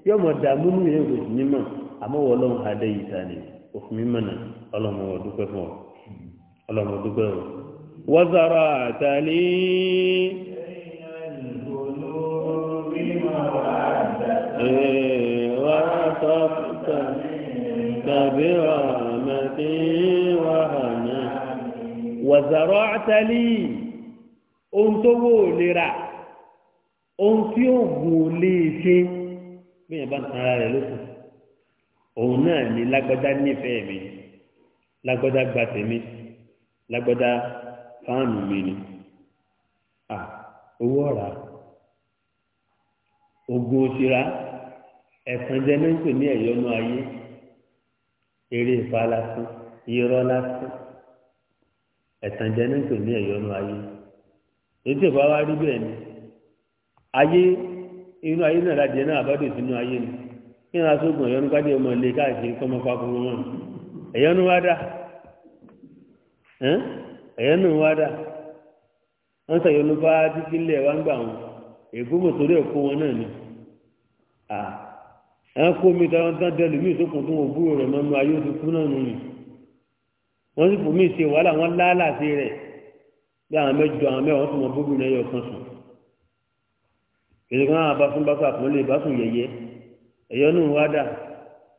S1: yọ mọ dààmú nínú yẹn برحمة وهنا وزرعت لي ohun tó wò lè rà ohun tí ó wò lè ṣe bẹ́ẹ̀ bá ń tan ara rẹ̀ lókun òun náà ni lágbọ́dá nífẹ̀ẹ́ mi lágbọ́dá gba tèmi lágbọ́dá fáànù mi ni à owó ọ̀rà ogun òṣìrà ẹ̀sán jẹ́ ní ń pè ní ẹ̀yọ́nú ayé. eré ìfà lásán irọ́ lásán ẹ̀tànjẹ ní pè ní ayé ètò ìfà wa rí bẹ́ẹ̀ ni ayé inú ayé náà láti náà sínú ayé ni kí wọn aṣọ́gun ẹ̀yọ́nú kájí ọmọ ilé káàkiri kọ́mọ pápákọ̀ wọn ẹ̀yọ́nú wá dà ẹ̀yọ́nú wá dà wọ́n sọ ẹ̀yọ́nú bá títí ilé wá ń gbà wọn ẹ̀kọ́ ni. ẹ̀kọ́ mi tẹ́lọ dájọ́ lè mí ìsókùn tó wọ́n búrò rẹ̀ mọ́nú ayé ti kú náà nùnú wọ́n sì fòmí ṣe wàhálà wọ́n láàlàsí rẹ̀ bí àwọn mẹ́jọ àwọn mẹ́wọ́n tó mọ bóbi rẹ̀ yọ kan sùn kìlì kan àwọn abáfún bá fàfún lè bá sùn yẹyẹ ẹ̀yọ́ nù wá dà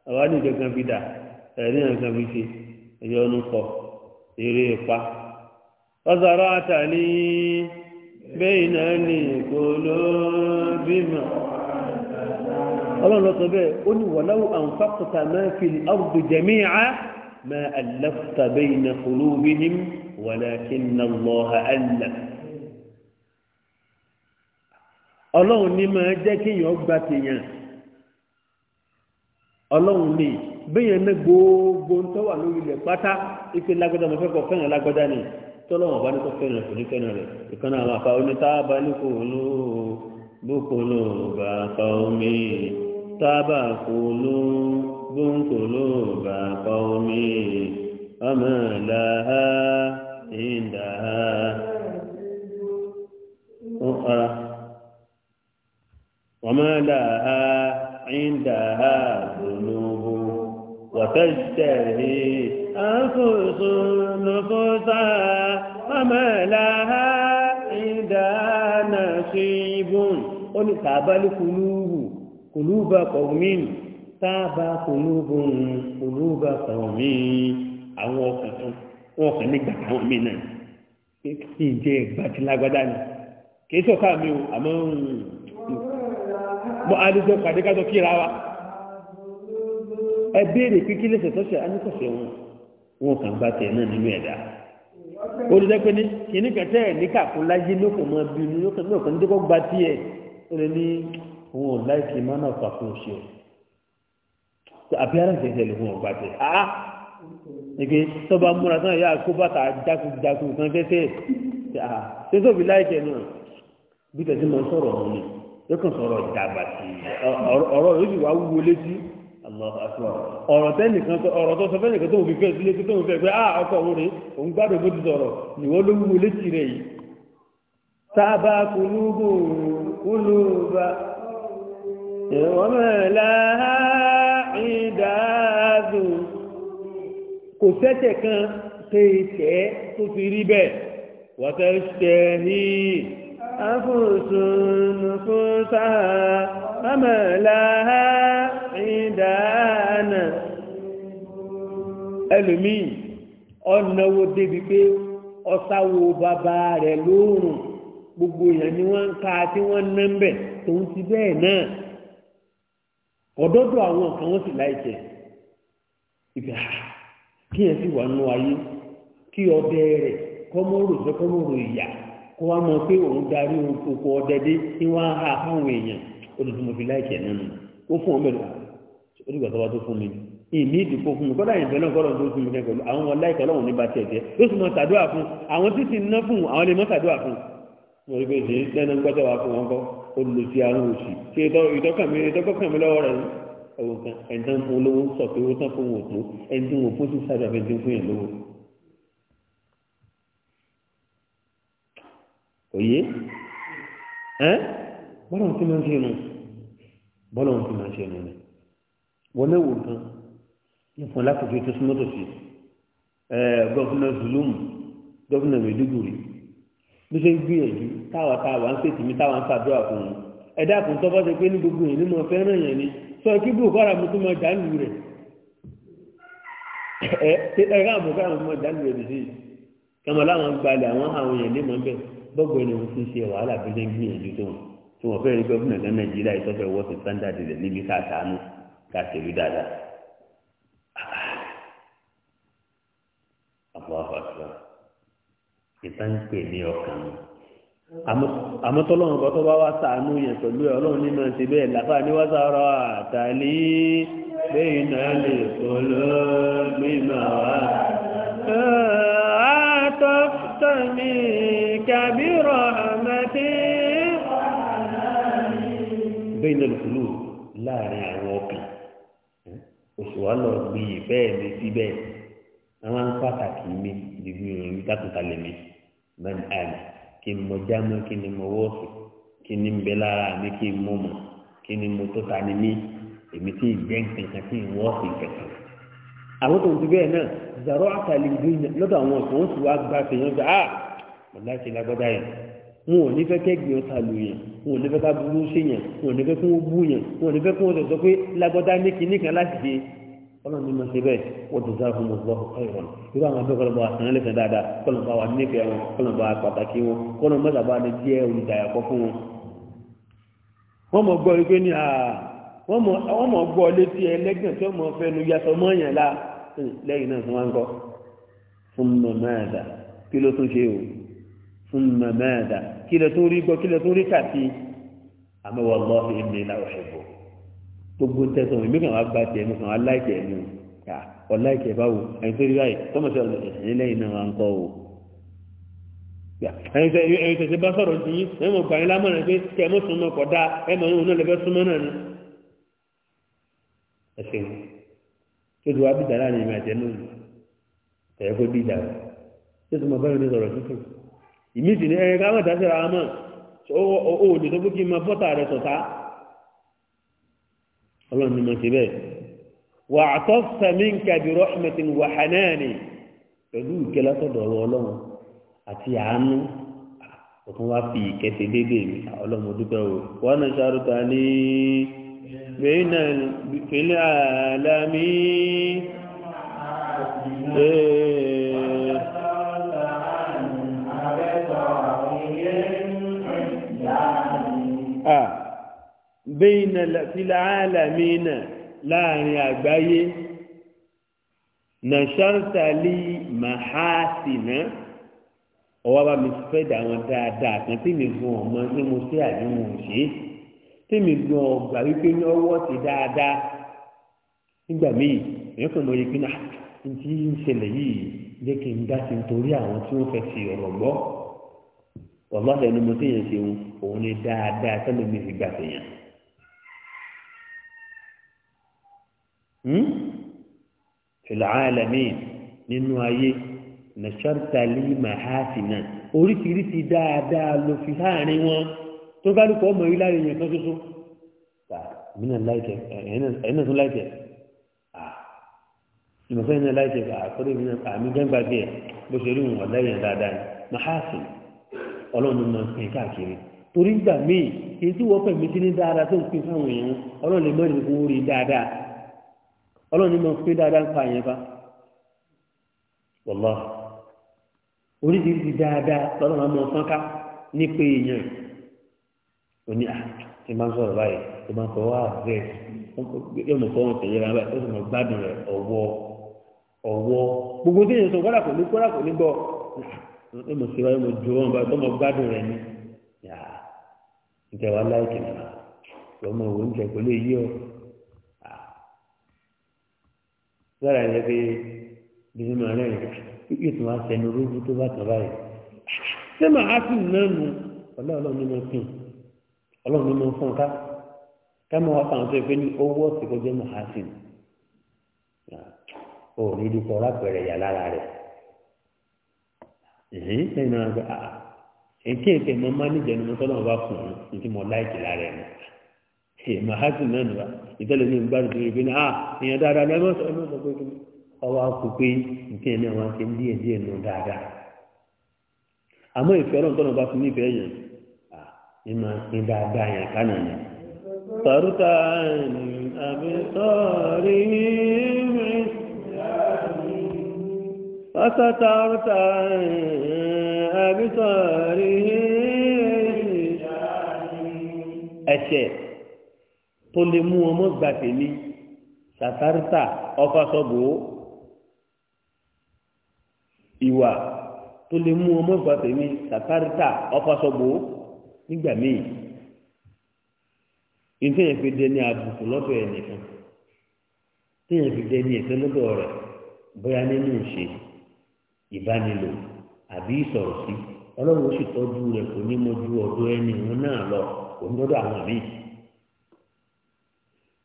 S1: àwa ní ìjọkan fi dà ẹ̀rí nǹkan fi ṣe ẹ̀yọ́ nù kọ eré pa ọ̀sọ̀rọ̀ àtàlí bẹ́ẹ̀ náà ní ìkòló bímọ ọlọ́run ló sọ bẹ́ẹ̀ ó ní wọ̀láwù àǹfàkùtà máa fi ọ̀rùdù jẹ̀mí à máa àlàfùtà bẹ́ẹ̀ iná olóbi ní wàlákì nà lọ́ha àlà. ọlọ́run ní máa jẹ́ kéèyàn gba tèèyàn ọlọ́run ní bẹ́yẹn ní gbogbo ń tọ́wà lórí ilẹ̀ pátá ife lágbádá mo fẹ́ kọ́ fẹ́ràn lágbádá ni tọ́lọ́wọ̀n bá ní kọ́ fẹ́ràn kò ní fẹ́ràn rẹ̀ ìkànnì àwọn àfa onítàbálẹ̀ kò lóò. بقلوب قومي تابع قلوب قلوب قوم وما لها عندها وما لها عندها ذنوب وتشتهي أنفس نفوسها وما لها عندها نصيب ó ní tàbálí kùlúùbù kùlúùbà kọ̀ọ̀mìn tábà kùlúùbù kùlúùbà kọ̀ọ̀mìn àwọn ọkàn kan wọn kàn ní gbàgbà wọn mí náà kí n jẹ gbàtí lágbádá ni kì í sọ̀ká mi o àmọ́
S2: mo alùpùpù pàdé ká tó kíra wa ẹ béèrè pé
S1: kí lẹsẹ̀ tọ́sẹ̀ anúkọ̀sẹ̀ wọn wọn kàn bá tẹ̀ náà nínú ẹ̀dá olùdókòwò ní kìnnìkan tẹ̀ ní kàkúnláyé lókè mọ́ bínú lókè mọ́ kàn ní tó kọ́ gba ó lè ní òun ò láìsí má náà fà fún òṣìṣẹ́ àbí aláìsẹ̀sẹ̀ lòun ò gbàgbé á èké tó bá múra tán ìyá kó bàtà jákujáku kan tẹ́tẹ́ ṣé tó fi láìsẹ̀ náà bí tẹ̀sí máa ń sọ̀rọ̀ ni yóò kàn sọ̀rọ̀ ìjàgbà sí ọ̀rọ̀ yóò sì wá wúwo létí ọ̀rọ̀ tẹ́nìkan ọ̀rọ̀ tó sọ fẹ́nìkan tó fi fẹ́ sílé tó fi fẹ́ pé á ọkọ̀ òun rè òun gbádùn bó ti sọ̀rọ̀ nìwọ́ ló wúwo létí rẹ̀ yìí tábà kùlùbù kùlùbà ìwọ̀n mẹ́la ìdáàdù kò sẹ́tẹ̀ kan tẹ̀ẹ̀tẹ̀ tó fi rí bẹ́ẹ̀ wọ́tẹ̀ ṣẹ̀hí afúnṣun fún sáà mẹ́la ìdáàna ẹlòmíì ọ̀nàwó débi pé ọ̀sáwó bàbá rẹ̀ lóòrùn gbogbo èèyàn ni wọ́n ń ka tí wọ́n ná ń bẹ̀ tòun ti bẹ́ẹ̀ náà ọ̀dọ́dọ̀ àwọn kan wọ́n sì láìjẹ́ ìgbà kí ẹ̀ sì wà nù ayé kí ọdẹ rẹ̀ kọ́mọ́rò fẹ́ kọ́mọ́rò ìyá kó wá mọ pé òun darí oko ọdẹ dé kí wọ́n á fáwọn èèyàn olùdókòwò fi láìjẹ́ nínú ó fún ọmọ ìlú olùgbà tó bá tó fún mi ìní ìdìbò fún mi kọ́dà ìbẹ̀lẹ̀ ọgọ́rọ̀ tó fún mi kẹ́kọ̀ọ́ àwọn ọláìkọ̀ ọlọ́run ní bá tiẹ̀ jẹ́ ló sì mọ tàdúrà fún àwọn títí ná fún àwọn lè mọ tàdúrà fún wọn rí bẹ́ẹ̀ ṣe lẹ́nu gbọ́dọ̀ wá fún wọn kọ́ olùsí àrùn òsì tí ìtọ́kànmí ìtọ́kànmí lọ́wọ́ rẹ̀ ọ̀wọ̀ kan ẹ̀ńtàn fún olówó sọ pé owó tán fún wọn tó ẹ̀ńtàn wọn fún sísá àbẹ̀ ẹ̀ńtàn fún yẹn lówó. òye ẹ bọ́lá wọn ti máa ń ṣe nù bọ́lá wọn ti máa ń ṣe nù ni wọn náà wò kan nípa lákòókò tó súnmọ́tò sí ẹ gọ́fúnà zulum gọ́fúnà mẹ́dúgùrì bí ṣe ń gbìyànjú táwa táwa ń ṣètìmí táwa ń ṣàdúrà fún un ẹ̀dá kùn tọ́ bá ṣe pé ní gbogbo yìí nínú ọ̀fẹ́ náà yẹn ni sọ kí bùkárà mo tún máa dánù rẹ̀ ẹ̀rọ àbùkárà mo tún máa dánù rẹ̀ bìí kẹmọ láwọn gbalẹ̀ àwọn àwọn èèyàn lémọ̀ bẹ́ẹ̀ bọ́gbọ̀ ni wọ́n ti ṣe wàhálà bí wọ́n gbìyànjú tó wọn tí wọ́n fẹ́ẹ́ rí gọ́fìnà gan nàìjíríà ìtọ́fẹ́ wọ́ọ̀sì sándàdì rẹ̀ níbi káàkánú káàkiri dáadáa. àbọ̀ ah. àfàṣà ìta ń pè ní ọkàn mi àmọ́tọ́lọ́run bọ́ tó bá wá sàánú yẹn pẹ̀lú ọlọ́run ní máa ṣe bẹ́ẹ̀ láfà ní wá àtàlí lẹ́yìn náà lè kọ́lọ́ mímọ́ wá.
S3: àtọ́tọ́mí kàbírọ̀ àmàtí. bẹ́ẹ̀ náà
S1: lùkúlù láàrin àwọn ọkàn oṣù wa lọ gbìyì bẹ́ẹ̀ mi síbẹ̀ àwọn pàtàkì mi ìdìbò ìròyìn tákùntà lè mi man àlè kí n mọ jámọ́ kí ni mo wọ́ọ̀sì kí ni ń mi kí n mọ̀ mọ̀ kí ni mo tó ta ni mí èmi tí ì jẹ́ nǹkan tí ì wọ́ọ̀sì kankan. àwọn tó ń ti bẹ́ẹ̀ náà zàrọ̀ àtàlẹ́ ìlú lọ́dọ̀ àwọn ọ̀sán ó sì wá gba fèèyàn gbà á ọ̀la ṣe lágbádá yẹn wọn ò ní fẹ́ kẹ́gbìn ọ̀tà lù yẹn wọn ò ní fẹ́ ká burú ṣe yẹn wọn ò ní fẹ́ kó bú yẹn wọn ò ní fẹ́ kó sọ pé lágbádá ní kinní kan láti ṣe ọlọ́run ní ma ṣe bẹ́ẹ̀ wọ́n ti sáré fún mọ̀gbọ́n ọ̀rọ̀ irú àwọn abẹ́ kọlọ́mọ àtàn lẹ́sẹ̀ dáadáa kọlọ́mọ àwọn nífẹ̀ẹ́ wọn kọlọ́mọ pàtàkì wọn kọlọ́mọ mẹ́ta bá ní díẹ̀ olùdàyàkọ́ fún wọn. wọ́n mọ̀ gbọ́ wípé ní wọ́n mọ̀ gbọ́ létí ẹlẹ́gàn tí wọ́n mọ̀ fẹ́ nu yasọ̀ mọ́yàn la lẹ́yìn náà fún wa ń kọ́ fún mọ̀mẹ́ẹ̀dà kí ló tún ṣe o fún mọ̀mẹ́ẹ̀dà kí ló tún rí gbọ́ kí ló tún rí kàtí àmọ́ wọ́n lọ́ gbogbo ń tẹ̀sán ìmí kan wá gba tiẹ̀ mú kan wá láìkẹ̀ ẹ̀mí o yà ọ láìkẹ̀ báwo ẹ̀yin tó rí báyìí tọ́mọ̀sẹ̀ ẹ̀yìn lẹ́yìn náà wá ń kọ́ o. ẹ̀yin tẹ̀sẹ̀ bá sọ̀rọ̀ sí yín ẹ̀yin mọ̀ gbà yín lámọ̀ràn pé kẹ́ ẹ mọ̀ súnmọ́ kọ̀ dáa ẹ̀ mọ̀ yín náà lẹ́fẹ́ súnmọ́ náà ni. ẹ ṣe ní tóbi wá bìjà láàrin ìrìn àjẹ náà ẹ̀yẹ kó bìjà rẹ̀ tóbi mọ̀ mọ̀ dá ọlọ́run ní mo ṣe bẹ́ẹ̀ wà á tọ́ sami nkàbí rọ́ọ̀mẹ̀tìn wà hànáàni pẹ̀lú ìkẹ́ látọ̀dọ̀ ọlọ́run àti àánú òkun wá fi ìkẹsẹ̀ dédé mi ọlọ́run dúpẹ́ o wọ́n náà ṣàrùtà ní fèlè àlámí. bẹ́yìn fílà áàlàmínà láàrin àgbáyé nàṣàǹtàlì màhásìnà ọwọ́ bá mi fẹ́ dà wọn dáadáa kan tí mi gun ọmọ tí mo ṣe àdéhùn ṣe tí mi gun ọgbà wípé ní ọwọ́ ti dáadáa nígbà míì èèyàn kan mọ̀ yìí pé náà ń ṣẹlẹ̀ yìí jẹ́ kí n dá sí nítorí àwọn tí wọ́n fẹ́ fi ọ̀rọ̀ gbọ́ ọlọ́dẹ ni mo ti yàn ṣe òun ni dáadáa sẹ́lẹ̀ mi fi gbà fẹ̀yàn. ìlàálẹ̀mí nínú ayé nàṣọ́ntàlì màhásìnà oríṣiríṣi dáadáa ló fi láàrin wọn tó kálukọ̀ ọmọ yìí láàrin yẹn kan ṣoṣo ẹ̀yìn náà tún láìpẹ́ ìmọ̀fẹ́ náà láìpẹ́ àkọ́dé mi náà àmì gbẹ́ngbà bí ẹ̀ bó ṣe rí wọn ọ̀lẹ́yìn dáadáa ni màhásìn ọlọ́run máa ń pín káàkiri torí gbà míì èyí tí wọ́n pẹ̀mí sí ní dáadáa tó ń pín fáwọn èèyàn ọlọ́run lè mọ́rin kó rí dáadáa ọlọ́run ní mo pé dáadáa ń pa àyẹ̀ bá wọ́lá oríṣiríṣi dáadáa lọ́nà máa mọ fọ́nká ní pé èèyàn òní àti ah, máa ń sọ̀rọ̀ báyìí tó máa ń kọ́ wá rẹ̀ yóò mọ̀ fọ́n tẹ̀lé ra báyìí ó sì mọ̀ gbádùn rẹ̀ ọ̀wọ́ ọ̀wọ́ gbogbo tí èèyàn sọ kọ́dà kò ní kọ́dà kò ní gbọ́ yóò mọ̀ síwájú mo ju wọn báyìí tó mọ̀ gbádùn rẹ̀ ni yàrá ìtẹ̀wá láìkì nìyà lọ́mọ òun jẹ̀ kò lára ẹ̀ pé bíbí máa rẹ̀ rẹ̀ pípé tó wá sẹnu lójú tó bá tàn báyìí ṣé màá sì náà nu ọlọ́run ní mo sìn ọlọ́run ní mo fọ́n ká ká máa wá fáwọn tó yẹ pé ní owó ọ̀sẹ̀ kọjá màá sìn o ní ibi lápẹ̀rẹ̀ yà lára rẹ̀ èyí sẹ́yìn náà gbé a èké èké mo máa níjẹ̀nu mo tọ́lọ́run bá fún un ní tí mo láìkì lára ẹ̀ mahajin ma nìyà ìtẹ́lẹ̀ mi ń gbádùn tó yẹ pé èèyàn dáadáa ẹ mọ́sọ̀ ẹ mọ́sọ̀ pé kí ọwọ́ akọ nǹkan ẹ̀ náà wọ́n ti díẹ̀ díẹ̀ nù dáadáa àmọ́ ìfẹ́ tọ́nà bá fi yẹn ní máa dáadáa yẹn kánà àmì sọ́ọ̀rì mi àmì sọ́ọ̀rì tó lè mú wọn mọ́ gbà tèmi sàtàrítà ọfàsọ́bù ìwà tó lè mú wọn mọ́ gbà tèmi sàtàrítà ọfàsọ́bù nígbà míì ìtẹ̀yẹ̀ fi dẹni àbùkù lọ́dọ̀ ẹ̀ nìkan tẹ̀yẹ̀ fi dẹni ẹ̀sẹ̀ lọ́dọ̀ rẹ̀ bóyá nínú ìṣe ìbánilò àbí ìsọ̀rọ̀ sí ọlọ́run ó sì tọ́jú rẹ̀ kò ní mọ́jú ọdún ẹni wọn náà lọ kò ní lọ́dọ̀ àwọn míì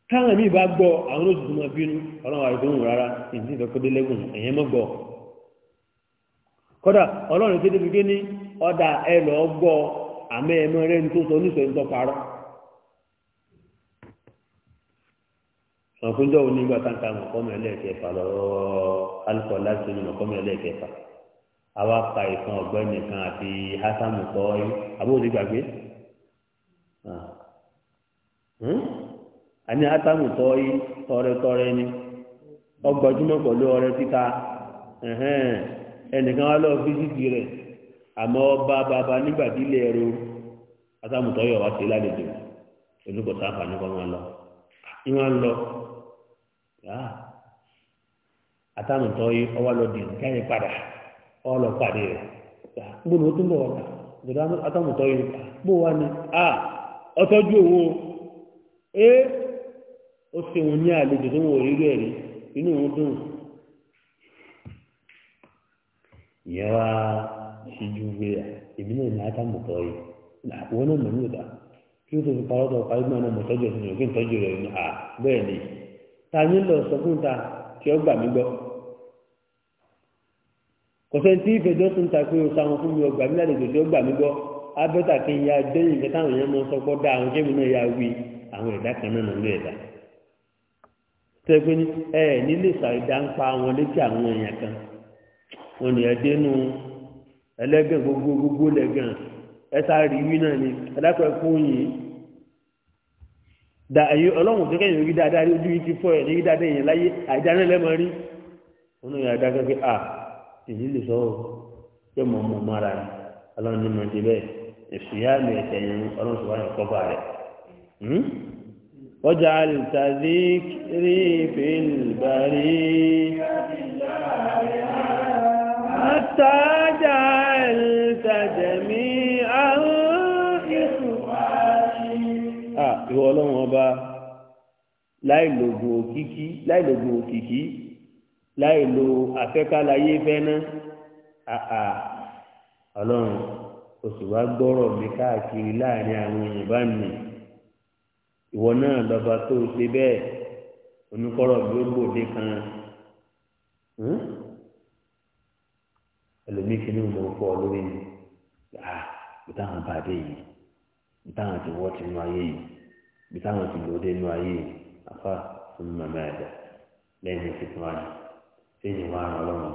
S1: táwọn míì bá gbọ́ àwọn oṣù tó máa bínú ọlọ́run àìdóhùn rárá ìdí ìdọ́kọ́dé lẹ́gùn ẹ̀yẹ́ mọ́ gbọ́ kọ́dà ọlọ́run tó débi gé ní ọ̀dà ẹ lọ gbọ́ àmọ́ ẹ mọ́ rẹ́ni tó sọ oníṣòwò ń tọparọ́ ọ̀kúnjọ́ òní ìgbà táǹkà mọ̀kọ́mọ̀ ẹlẹ́ẹ̀kẹfà lọ́wọ́ alukọ̀ láti ní mọ̀kọ́mọ̀ ẹlẹ́ẹ̀kẹfà àwa pa ìkan ọ̀gbẹ́ni kan àti hasamu kọ́ abóòdì gbàgbé ah. hmm? àní átámù tọ́ yí tọrẹtọrẹ ni ọgbọ́júmọ́ pẹ̀lú ọrẹ títa ẹnìkan wá lọ fíjìtì rẹ̀ àmọ́ ọba bàbá nígbàdílé ẹ̀rọ átámù tọ́ yọ wá sí lálejò olùkọ́sá àǹfààní kan wọn lọ ìwọ̀n lọ átámù tọ́ yí ọwọ́ lọ dì padà pàdé rẹ̀ gbọ́dọ̀ ó gbọ́dọ̀ tọ́ yí ọtọ́jú owó ee. ó ṣe òun ní àlejò tó ń wò rí rẹ̀ rí inú òun dùn ìyẹn si ṣíjú pé èmi náà ní ádámù tọ́ yìí àwọn náà mọ̀ ní ìdá kí ó tó fi parọ́ tọ́ parí náà mọ̀ tọ́jú ẹ̀sìn ìtọ́jú rẹ̀ ní à bẹ́ẹ̀ ni ta ní lọ sọ fún ta kí ọ gbà mí gbọ́ ta ya dẹ́yìn kẹta àwọn èèyàn mọ sọ́kọ́ dá àwọn ya wí àwọn ẹ̀dá tẹ́gbẹ́ ní ẹ nílé ìsàrídá ń pa àwọn létí àwọn èèyàn kan wọn ni ẹdínú ẹlẹ́gàn gbogbo gbogbo lẹ́gàn ẹta rí wí náà ni ẹ̀dákọ̀ ẹ̀kọ́ yìí da ẹ̀yẹ ọlọ́run tó kẹ́yìn rí dáadáa rí ojú yìí ti fọ́ ẹ̀ ní rí dáadáa èèyàn láyé àìdá náà lẹ́mọ̀ rí wọn náà yàrá dákẹ́ pé à èyí lè sọ ọ́ pé mọ̀ mọ̀ mọ́ ara rẹ̀ ọlọ́run ní mọ̀ واجعل تذكري في البريد حتى
S3: جعلت جميعا
S1: ìwọ ọlọ́run ọba láìlògùn òkìkí láìlògùn òkìkí láìlò afẹ́kálayé fẹ́ná àà ọlọ́run oṣù wa gbọ́rọ̀ mi káàkiri láàrin àwọn èèyàn bá nìyí. ìwọ náà lọba tó o ṣe bẹ́ẹ̀ oníkọ́rọ̀ bí ó gbòde kan ní ìmọ̀ fọ́ lórí mi ah bí táwọn bá dé yìí bí táwọn ti wọ́ ti nú ayé yìí bí táwọn ti lò nú ayé yìí afa fún mi ẹ̀dá lẹ́yìn ìfipá wa lẹ́yìn ìwà ọlọ́run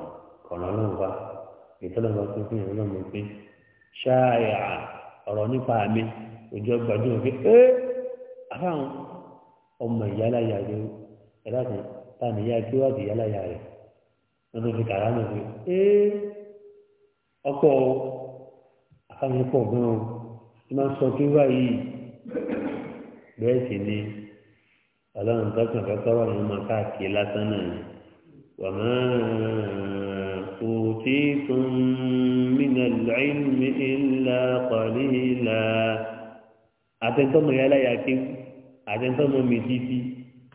S1: kọ̀ọ̀nà ọlọ́run ìtọ́lọ́mọ ọlọ́run ọ̀rọ̀ nípa mi àfáwọn ọmọ ìyáláyà rẹ ẹ̀dá kan táwọn ìyá gbé wá di ìyáláyà rẹ wọn ló fi kàrá náà pé ee ọkọ àfáwọn ẹ̀kọ́ gan o tí máa ń sọ kí wá yìí bẹ́ẹ̀ sì ni ọlọ́run tọ́kàn fẹ́kọ́ wà ní ọmọ káàkiri lásán náà ni wà máa kò tí tún mìíràn lẹ́yìn ńlá pàlí ìlà àtẹ̀tọ́mọ̀ yálà yà kéwù àtẹ̀ntàn ló mi títí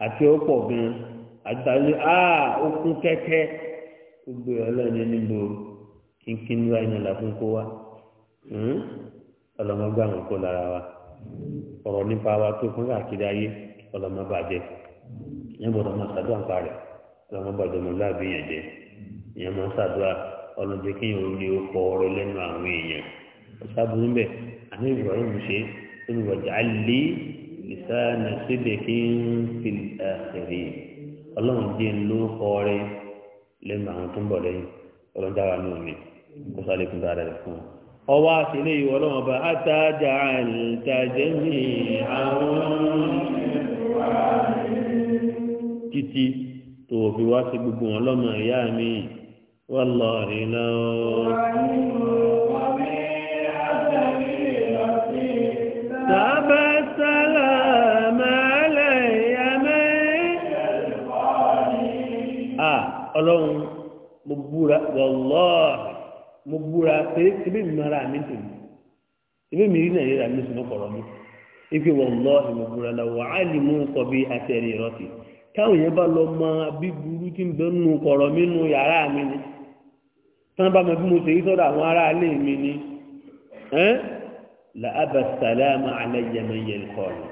S1: àti ọ̀pọ̀ gan àtàlẹ́ à okun kẹ́kẹ́ gbogbo ọlọ́run nílò kínkín wá iná làkún kó wá hmm? ọlọ́mọgbà wọn kó lára wa ọ̀rọ̀ nípa wa tó fún káàkiri ayé ọlọ́mọbàjẹ́ yẹn bọ̀dọ̀ máa ṣàdúrà ń parẹ̀ ọlọ́mọbàjẹ́ ọmọ láàbí yẹn jẹ́ yẹn máa ṣàdúrà ọlọ́jẹ́ kí yẹn ò lè pọ̀ ọ̀rọ̀ lẹ́nu àwọn èèyàn ọ̀ṣàbùrú bẹ́ẹ̀ àní ìwà ìmùṣe olùwàjà lé lìsáànà na kí ń fi àṣírí ló kọ́ọ́rẹ́ lẹ́nu àwọn tó ń bọ̀ lẹ́yìn ọlọ́run dára ní omi kó sáré kún dára rẹ̀ fún un. ọwọ́ àtìlẹ́ ìwọ ọlọ́run ọba àtàjà àìtàjẹ́ ní àwọn títí tó fi wá sí gbogbo wọn lọ́mọ ìyá mi wọ́n lọ rí wọ́n ní
S3: ọ̀pọ̀ mi àtàlẹ́ ìrọ̀sí
S1: mo búra wọlọ́ọ̀hì mo búra pé ebí mi mara mi tò mí ebí mi rí nàìjíríà mi sùn lọ́kọ̀ọ̀rọ̀ mi ife wọlọ́ọ̀hì mo búra la wà á lè mú nǹkan bí atẹ́rì ìrọ́tì káwọn yẹn bá lọ mọ bí burú tí ń bẹ nù kọ̀rọ̀ mi nù yàrá mi ni tí bá mọ bí mo ṣe yí sọ́dọ̀ àwọn ará ilé mi ni la aba salama alayya man yalqani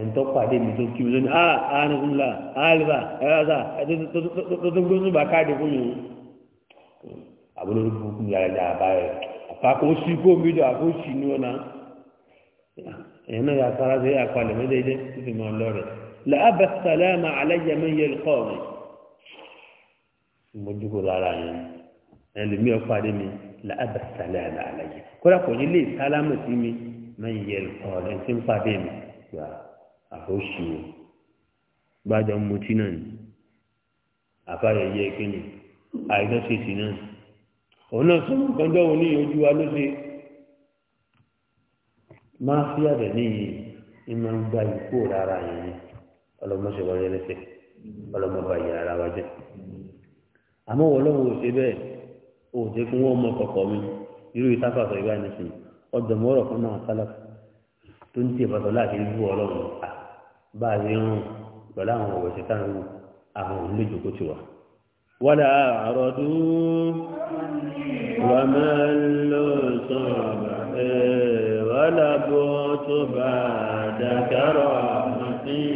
S1: en to pade mi to ki mi ni ah anullah alba eraza to to to to to ba kade fun mi abulori buku yàrá yàrá báyìí àpapọ̀sí gómìnà àpòsí ni wọn náà ẹ̀yìn náà yà sára sí àpalẹ̀ mẹ́tẹ́ẹ̀dẹ́ fífi mọ́ lọ́rẹ̀ làbẹ̀ sàlẹ́mà alájẹmẹ́ yẹ lọ́kọ́ mi mo dúró lára yẹn ẹlòmíì ọ̀pàdé mi làbẹ̀ sàlẹ́mà alájẹ kódà kò ní lè sálámù sí mi mẹ́yìn yẹ lọ́kọ́ rẹ̀ tí ń pàdé mi gba àpòsí o gbájọ mutí náà ni àfáàyè yẹ kí ni àìjọ ṣe sí náà òun náà sọ gbọ́njọ́ òun ní ojú wa ló ṣe máa fi àbẹ̀ níyì ní máa ń gba ìkó rárá yẹn ni ọlọ́mọṣẹ́ wọlé lẹ́sẹ̀ ọlọ́mọba yìí rárá wa jẹ́ àmọ́ wọ́n lọ́wọ́ òṣè bẹ́ẹ̀ òṣè fún wọn mọ kọ̀kọ́ mi irú ìtafàfẹ́ ìgbà nìsín ọ̀dọ̀mọ́rọ̀ fún náà sálàkù tó ń tiẹ̀ bàtọ̀ láti bú ọlọ́run bá a ṣe ń rún pẹ̀lú àwọn ọ̀wẹ̀ṣẹ̀ táwọn àwọn òun lè ولا عرضوا وما اللصب ولا بوت بعد كرامتي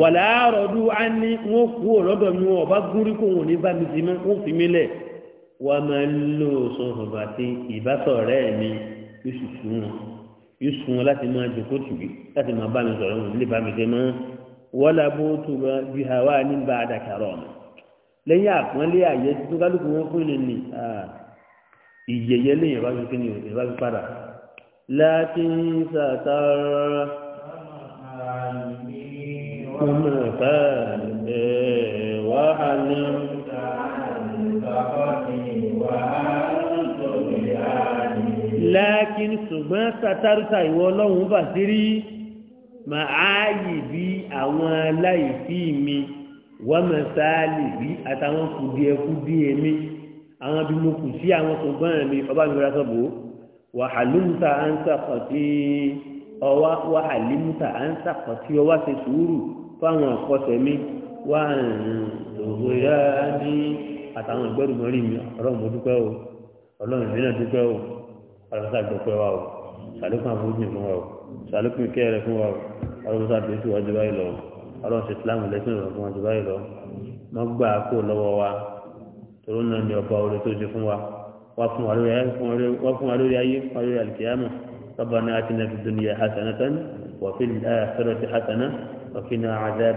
S1: wàlá àròdú á ní wọn kú ọlọ́dọ̀ mi wọn ọba gúrí kò wọn ní bá mi sí mọ́ wọn fi mí lẹ̀ wà á máa lò sọ̀rọ̀ bàtí ìbátọ̀ rẹ̀ mi yóò sùn wọn yóò sùn wọn láti máa jòkó tìbí láti máa bá mi sọ̀rọ̀ wọn nílé bá mi sí mọ́ wọ́lá bó tó bá bí hawa ní bá a dàkàrọ̀ ọ̀nà lẹ́yìn àpọ́nlé àyè tó kálukú wọn fún ni ni ìyẹyẹ lè yẹn bá fi kíni yẹn bá fi padà láti sàtàrà ọmọ ìfẹ́ ẹ̀ wá àná. lákin ṣùgbọ́n sàtàrùtà ìwọ ọlọ́run bàtírí màáyì bí àwọn aláìsí mi wọ́n mọ̀ sáálì bí àtàwọn kùdìẹ̀kùdìẹ̀ mi àwọn bí mo kù sí àwọn tó gbọ́n mi ọba mi rà sọ́bù wàhálùmùtà à ń sàkọ̀tì ọwá wàhálùmùtà à ń sàkọ̀tì ọwá ṣe sùúrù fáwọn ọ̀kọ́sẹ̀ mi wà ń lòwó yá ní àtàwọn ìgbẹ́rù mọ́rí mi ọlọ́run mo dúpẹ́ o ọlọ́run mi náà dúpẹ́ o ọlọ́run sàgbẹ́pẹ́ wa o sàlékún àbúrò mi wa o ṣàlékún ìkẹ́ rẹ̀ fún wa ọlọ́mọsá tó ti wájú báyìí lọ ọlọ́sẹ̀ islam lẹ́sìn rẹ̀ fún wájú báyìí lọ wọ́n gbà kó lọ́wọ́ wa tòró náà ní ọba orí tó ṣe fún wa wá fún wa lórí ayé fún wa lórí alìkìyàmù rọ́bà náà ti nà fi hasanatan wà fi àṣẹrẹ̀ ti hasanà wà fi náà àdáyà